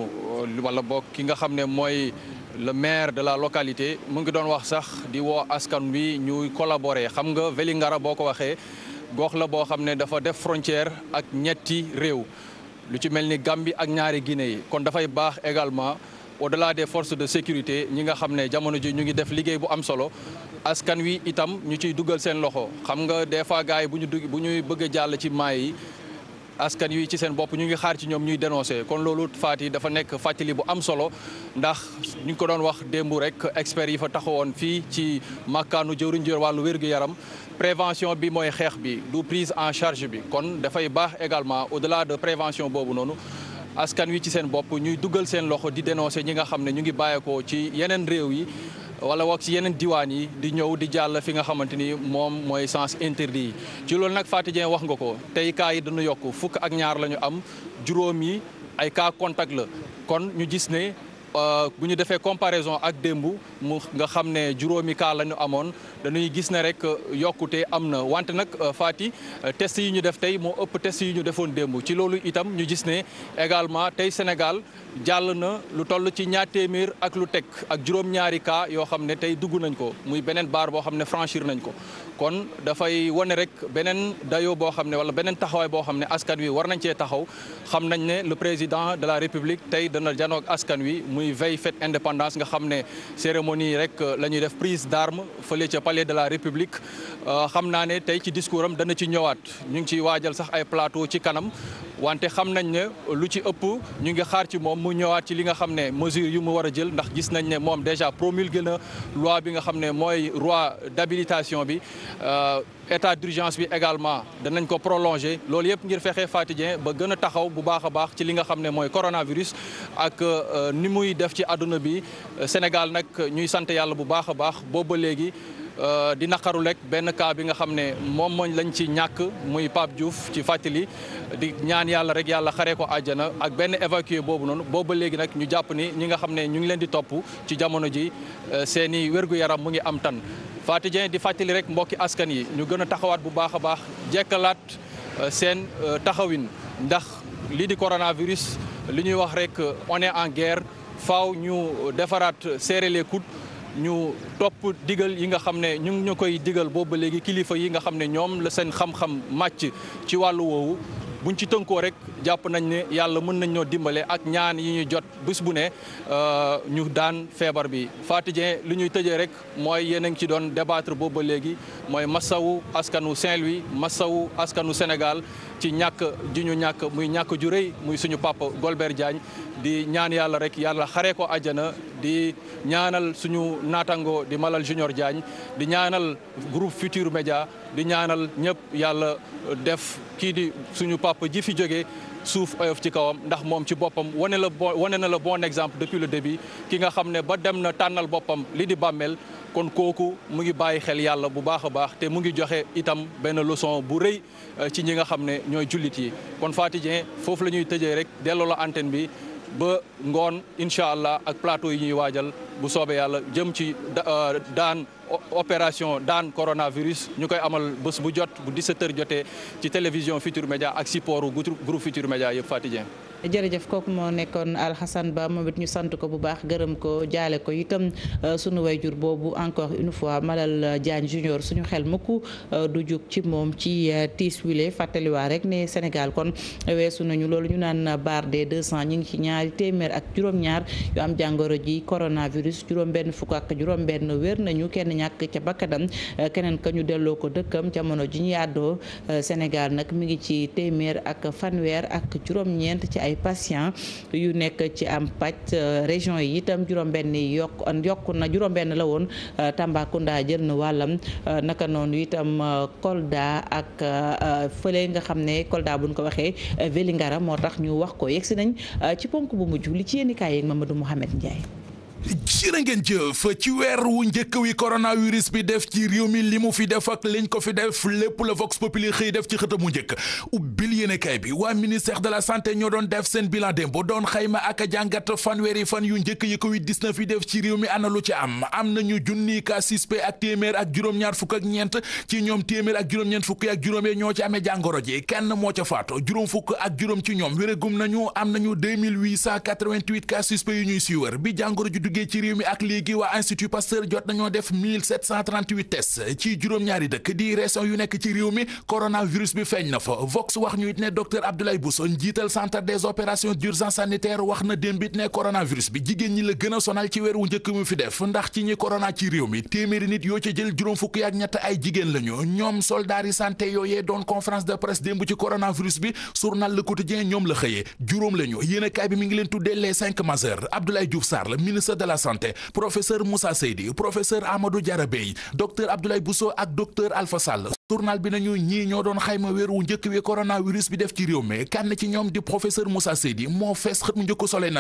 wala boog ki nga xam ne mooy le maire de la localité mu ngi doon wax sax di woo askan wi ñuy collabore xam nga ngara boo ko waxee gox la boo xam ne dafa def frontière ak ñetti réew lu ci mel ni gàmbi ak ñaari Guinée yi kon dafay baax également au-delà des forces de sécurité ñi nga xam ne jamono ji ñu ngi def liggéey bu am solo askan wi itam ñu ciy dugal seen loxo xam nga des fois gars yi bu ñu dugg bu ñuy bëgg jàll ci maay yi askan wi ci seen bopp ñu ngi xaar ci ñoom ñuy dénoncé kon loolu faat yi dafa nekk fàttali bu am solo ndax ñu ngi ko doon wax démb rek experts yi fa taxawoon fii ci màkkaanu jëwriñ jër wàllu wér-gu-yaram prévention bi mooy xeex bi du prise en charge bi kon dafay baax également au-delà de prévention boobu noonu askan wi ci seen bopp ñuy dugal seen loxo di dénoncer ñi nga xam ne ñu ngi bàyyeekoo ci yeneen réew yi wala wax ci yeneen diwaan yi di ñëw di jàll fi nga xamante ni moom mooy sens interdit yi ci loolu nag Fatou Dieng wax nga ko tey kaa yi dañu yokk fukk ak ñaar lañu am juróom yi ay cas contact la kon ñu gis ne Euh, bu ñu defee comparaison ak démb mu nga xam ne juróomi cas lañu amoon dañuy gis ne rek euh, yokkute am na wante nag euh, Fati test yi ñu def tey moo ëpp test yi ñu defoon démb ci loolu itam ñu gis ne également tey Sénégal jàll na lu toll ci ñaar téeméer ak lu teg ak juróom-ñaari cas yoo xam ne tey dugg nañ ko muy beneen baar boo xam ne franchir nañ ko kon dafay wane rek beneen dayo boo xam ne wala beneen taxawaay boo xam ne askan wi war nañ cee taxaw xam nañ ne le président de la république tey dana janoog askan wi muy veille fête indépendance nga xam ne cérémonie rek lañuy def prise d'armes fële ca palais de la république euh, xam naa ne tey ci discours am dana ci ñëwaat ñu ngi ciy waajal sax ay plateau ci kanam wante xam nañ ne lu ci ëpp ñu ngi xaar ci moom mu ñëwaat ci li nga xam ne mesure yu mu war a jël ndax gis nañ ne moom déjà promulgué na loi bi nga xam ne mooy loi d'habilitation bi Euh, état d'urgence bi également danañ ko prolongé loolu yëpp ngir fexe Fatou ba gën a taxaw bu baax a baax ci li nga xam ne mooy coronavirus ak euh, ni muy def ci àdduna bi Sénégal nag ñuy sant yàlla bu baax a baax booba léegi Euh, di naqaru rek benn cas bi nga xam ne moom mooñ lañ ci ñàkk muy Pape Diouf ci fàttali di ñaan yàlla rek yàlla xaree ko àjjana ak benn évacué boobu noonu booba léegi nag ñu jàpp ni ñi nga xam ne ñu ngi leen di topp ci jamono ji euh, seen i wér-gu-yaram mu ngi am tan Fatou Dieng di fàttali rek mbokki askan yi ñu gën a taxawaat bu baax a baax jekkalaat euh, seen taxawin ndax lii di coronavirus li ñuy wax rek on en guerre faw ñu defaraat serrer les ñu topp digal yi nga xam ne ñu ngi ñu koy digal boobu ba léegi kilifa yi nga xam ne ñoom la seen xam-xam màcc ci wàllu woowu buñ ci tënkoo rek jàpp nañ ne yàlla mën nañ ñoo dimbale ak ñaan yi ñuy jot bés bu ne euh, ñu daan feebar bi Fatou li ñuy tëjee rek mooy yéen a ngi ci doon débattre boobu ba léegi mooy masawu askanu Saint-Louis masawu askanu Sénégal ci ñàkk ji ñu ñàkk muy ñàkk ju rëy muy suñu papa Golbert Diagne di ñaan yàlla rek yàlla xaree ko àjjana di ñaanal suñu naatango di Malal Junior Diagne di ñaanal groupe Futur Média di ñaanal ñëpp yàlla def kii di suñu papa ji fi jóge suuf oyof ci kawam ndax moom ci boppam wane la bon wane na la bon exemple depuis le début ki nga xam ne ba dem na tànnal boppam li di bàmmeel kon kooku mu ngi bàyyi xel yàlla bu baax a baax te mu ngi joxe itam benn leçon bu rëy euh, ci ñi nga xam ne ñooy jullit yi kon Faty Dieng foofu la ñuy tëjee rek delloo la antenne bi. ba ngoon incha allah ak plateau yi ñuy waajal bu soobee yàlla jëm ci euh, daan opération daan coronavirus ñu koy amal bés bu jot bu 17h jotee ci télévision Futur Média ak supportu groupe Futur Média yëpp Faty Dieng jërëjëf kooku moo nekkoon Alxasan Ba moom it ñu sant ko bu baax gërëm ko jaale ko itam euh, sunu way jur boobu encore une fois Malal Diagne junior suñu xel mukk euh, du jóg ci moom ci euh, tiis wile fàttaliwaa rek ne Sénégal kon weesu nañu loolu ñu naan barre des deux cent ñu ngi ci ñaari téeméer ak juróom-ñaar yu am jàngoro ji coronavirus juróom-benn fukk ak juróom-benn wér nañu kenn ñàkk ca bakkanam keneen ka ñu delloo ko dëkkam jamono ji ñu yàddoo Sénégal nag mi ngi ci téeméer ak fanweer ak juróom ci ay ay yu nekk ci am pàcc euh, région yi itam juróom-benn yi yokk na juróom-benn la woon euh, Tambacounda jël na wàllam euh, naka noonu itam Kolda ak fële nga xam ne Kolda buñ ko waxee Vélingara moo tax ñu wax ko yegsi nañ ci ponk bu mujj li ci yéenikaay yeeg Mamadou Mouhamed Ndiaye. jërë ngeen jëf ci weer wu njëkk wi coronavirus bi def ci réew mi li mu fi def ak leen ko fi def lépp la Vox Populi xëy def ci xëtam mu njëkk ubbil yéenekaay bi waa ministère de la santé ñoo doon def seen bilan démb doon xayma ak jàngat fanweeri fan yu njëkk yi Covid-19 yi def ci réew mi ana lu ci am am nañu junni cas suspect ak téeméer ak juróom-ñaar fukk ak ñeent ci ñoom téeméer ak juróom-ñeent fukk ak juróom yi ñoo ci amee jàngoro ji kenn moo ca faatu fukk ak juróom ci ñoom wérégum nañu am nañu 2888 cas suspect yu ñuy siiwër bi jàngoro ji duggee ci réew mi ak léegi waa institut Pasteur jot nañoo def 1738 tests bi feeñ na fa Vox wax ñu it ne docteur Abdoulaye Bousso njiital jigéen ñi la gën sonal ci weer wu njëkk mu fi def ndax ci ñi corona ci réew mi téeméeri nit yoo ci jël juróom fukki ak ñett ay jigéen lañu ñoom soldaar yi santé yooyee doon conférence de presse démb ci coronavirus bi journal Le Quotidien ñoom la xëyee juróom lañu yéenekaay bi mi ngi leen tuddee les cinq majeurs Abdoulaye de la santé professeur Moussa Seydi professeur Amadou Diarabey docteur Abdoulaye Bousso ak docteur Alpha Sall journal bi nañu ñii ñoo doon xayma weer wu njëkk wi coronavirus bi def ci réew mi kenn ci ñoom di professeur Moussa Seydi moo fees xët mu njëkk soleil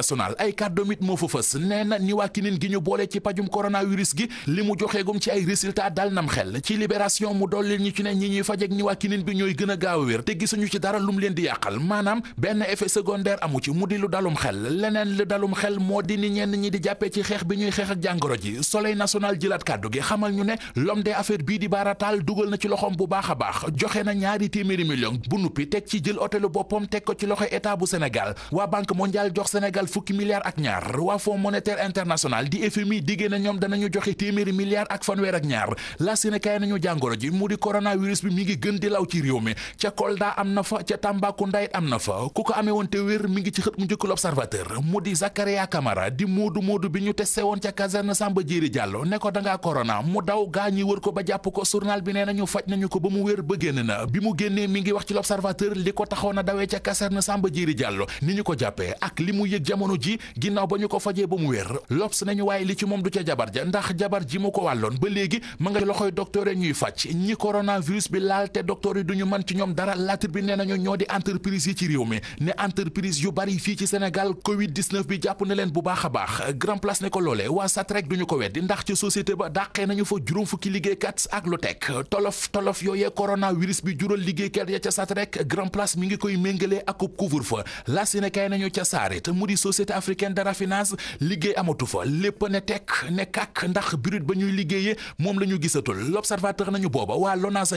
national a jëlaat kàddu gi xamal ñu ne l'homme des affaires bii di baarataal dugal na ci loxoom bu baax a baax joxe na ñaari téeméeri million bu nuppi teg ci jël hôtelu boppam teg ko ci loxo état bu Sénégal waa banque mondiale jox Sénégal fukki milliards ak ñaar waa fonds monétaire international di FMI diggée na ñoom danañu joxe téeméeri milliards ak fanweer ak ñaar la nañu jàngoro ji mu di coronavirus bi mi ngi gën di law ci réew mi ca Kolda am na fa ca Tambacounda it am na fa ku ko amee te wér mi ngi ci xët mu njëkk l'Observateur bi ñu testé woon ca caserne Samba Diéry Diallo ne ko dangaa corona mu daw gaa ko ba mu wér ba génn na bi mu génnee mi ngi wax ci l'observateur li ko taxoon a dawee ca caserne Samba Diéry Diallo ni ñu ko jàppee ak li mu yëg jamono ji ginnaaw ba ñu ko fajee ba mu wér lobs nañu waaye li ci moom du ca jabar ja ndax jabar ji mu ko wàlloon ba léegi ma nga loxoy docteur yi ñuy fàcc ñi coronavirus bi laal te docteur yi du ñu mën ñoom dara latir bi nee nañu ñoo di entreprise yi ci réew mi ne entreprise yu bari fii ci Sénégal Covid 19 bi jàpp na leen bu baax a baax grand place ne ko loolee waa sat rek du ñu ko weddi ndax ci ba dàqee nañu fa juróom fukki liggéeykat ak lu teg tolof tolof catastrophe yooyee coronavirus bi jural liggéeykat ya ca sat rek grand place mi ngi koy méngalee ak couvre-feu la sinekaay nañu ca saare te mu di société africaine de raffinage liggéey amatu fa lépp ne tekk ne kàkk ndax brut ba ñuy liggéeyee moom la gisatul l'observateur a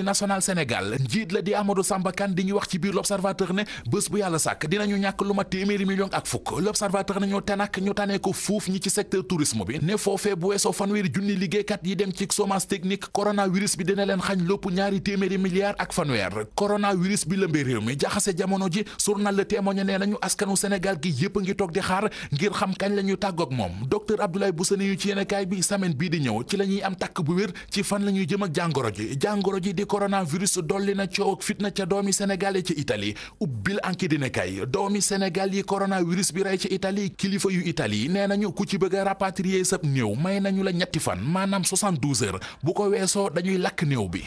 nationale Sénégal njiit la di Amadou Samba Kane di ñuy wax ci biir l'observateur ne bés bu yàlla sàkk dinañu ñàkk lu ma téeméeri million ak fukk l'observateur nañu tenak ñu tanee ko fuuf ñi ci secteur coronavirus bi dina leen xañ lopp ñaari téeméeri milliards ak fanweer coronavirus bi lëmbee réew mi jaxase jamono ji journal Le Témoin nee nañu askanu Sénégal gi yépp a ngi toog di xaar ngir xam kañ la ñuy tàggoog moom docteur Abdoulaye Boussane yu ci yéenekaay bi semaine bii di ñëw ci la ñuy am takk bu wér ci fan la ñuy jëm ak jàngoro ji jàngoro ji di coronavirus dolli na coow ak fitna ca doomi Sénégal yi ci Italie ubbil enquête dina kay doomi Sénégal yi coronavirus bi rey ci Italie kilifa yu Italie nee nañu ku ci bëgg a rapatrier sab néew nañu la ñetti fan maanaam 72 lakk néew bi.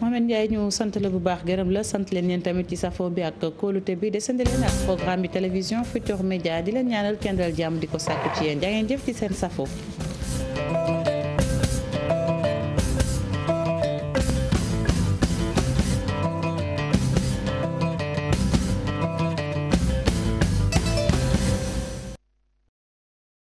Mohamed Ndiaye ñëw sant la bu baax gërëm la sant leen yéen tamit ci safoo bi ak kóolute bi desandi leen ak programme bi télévision Futurs Médias di leen ñaanal kenn dal jàmm di ko sàkku ci yéen jaa ngeen jëf ci seen safoo.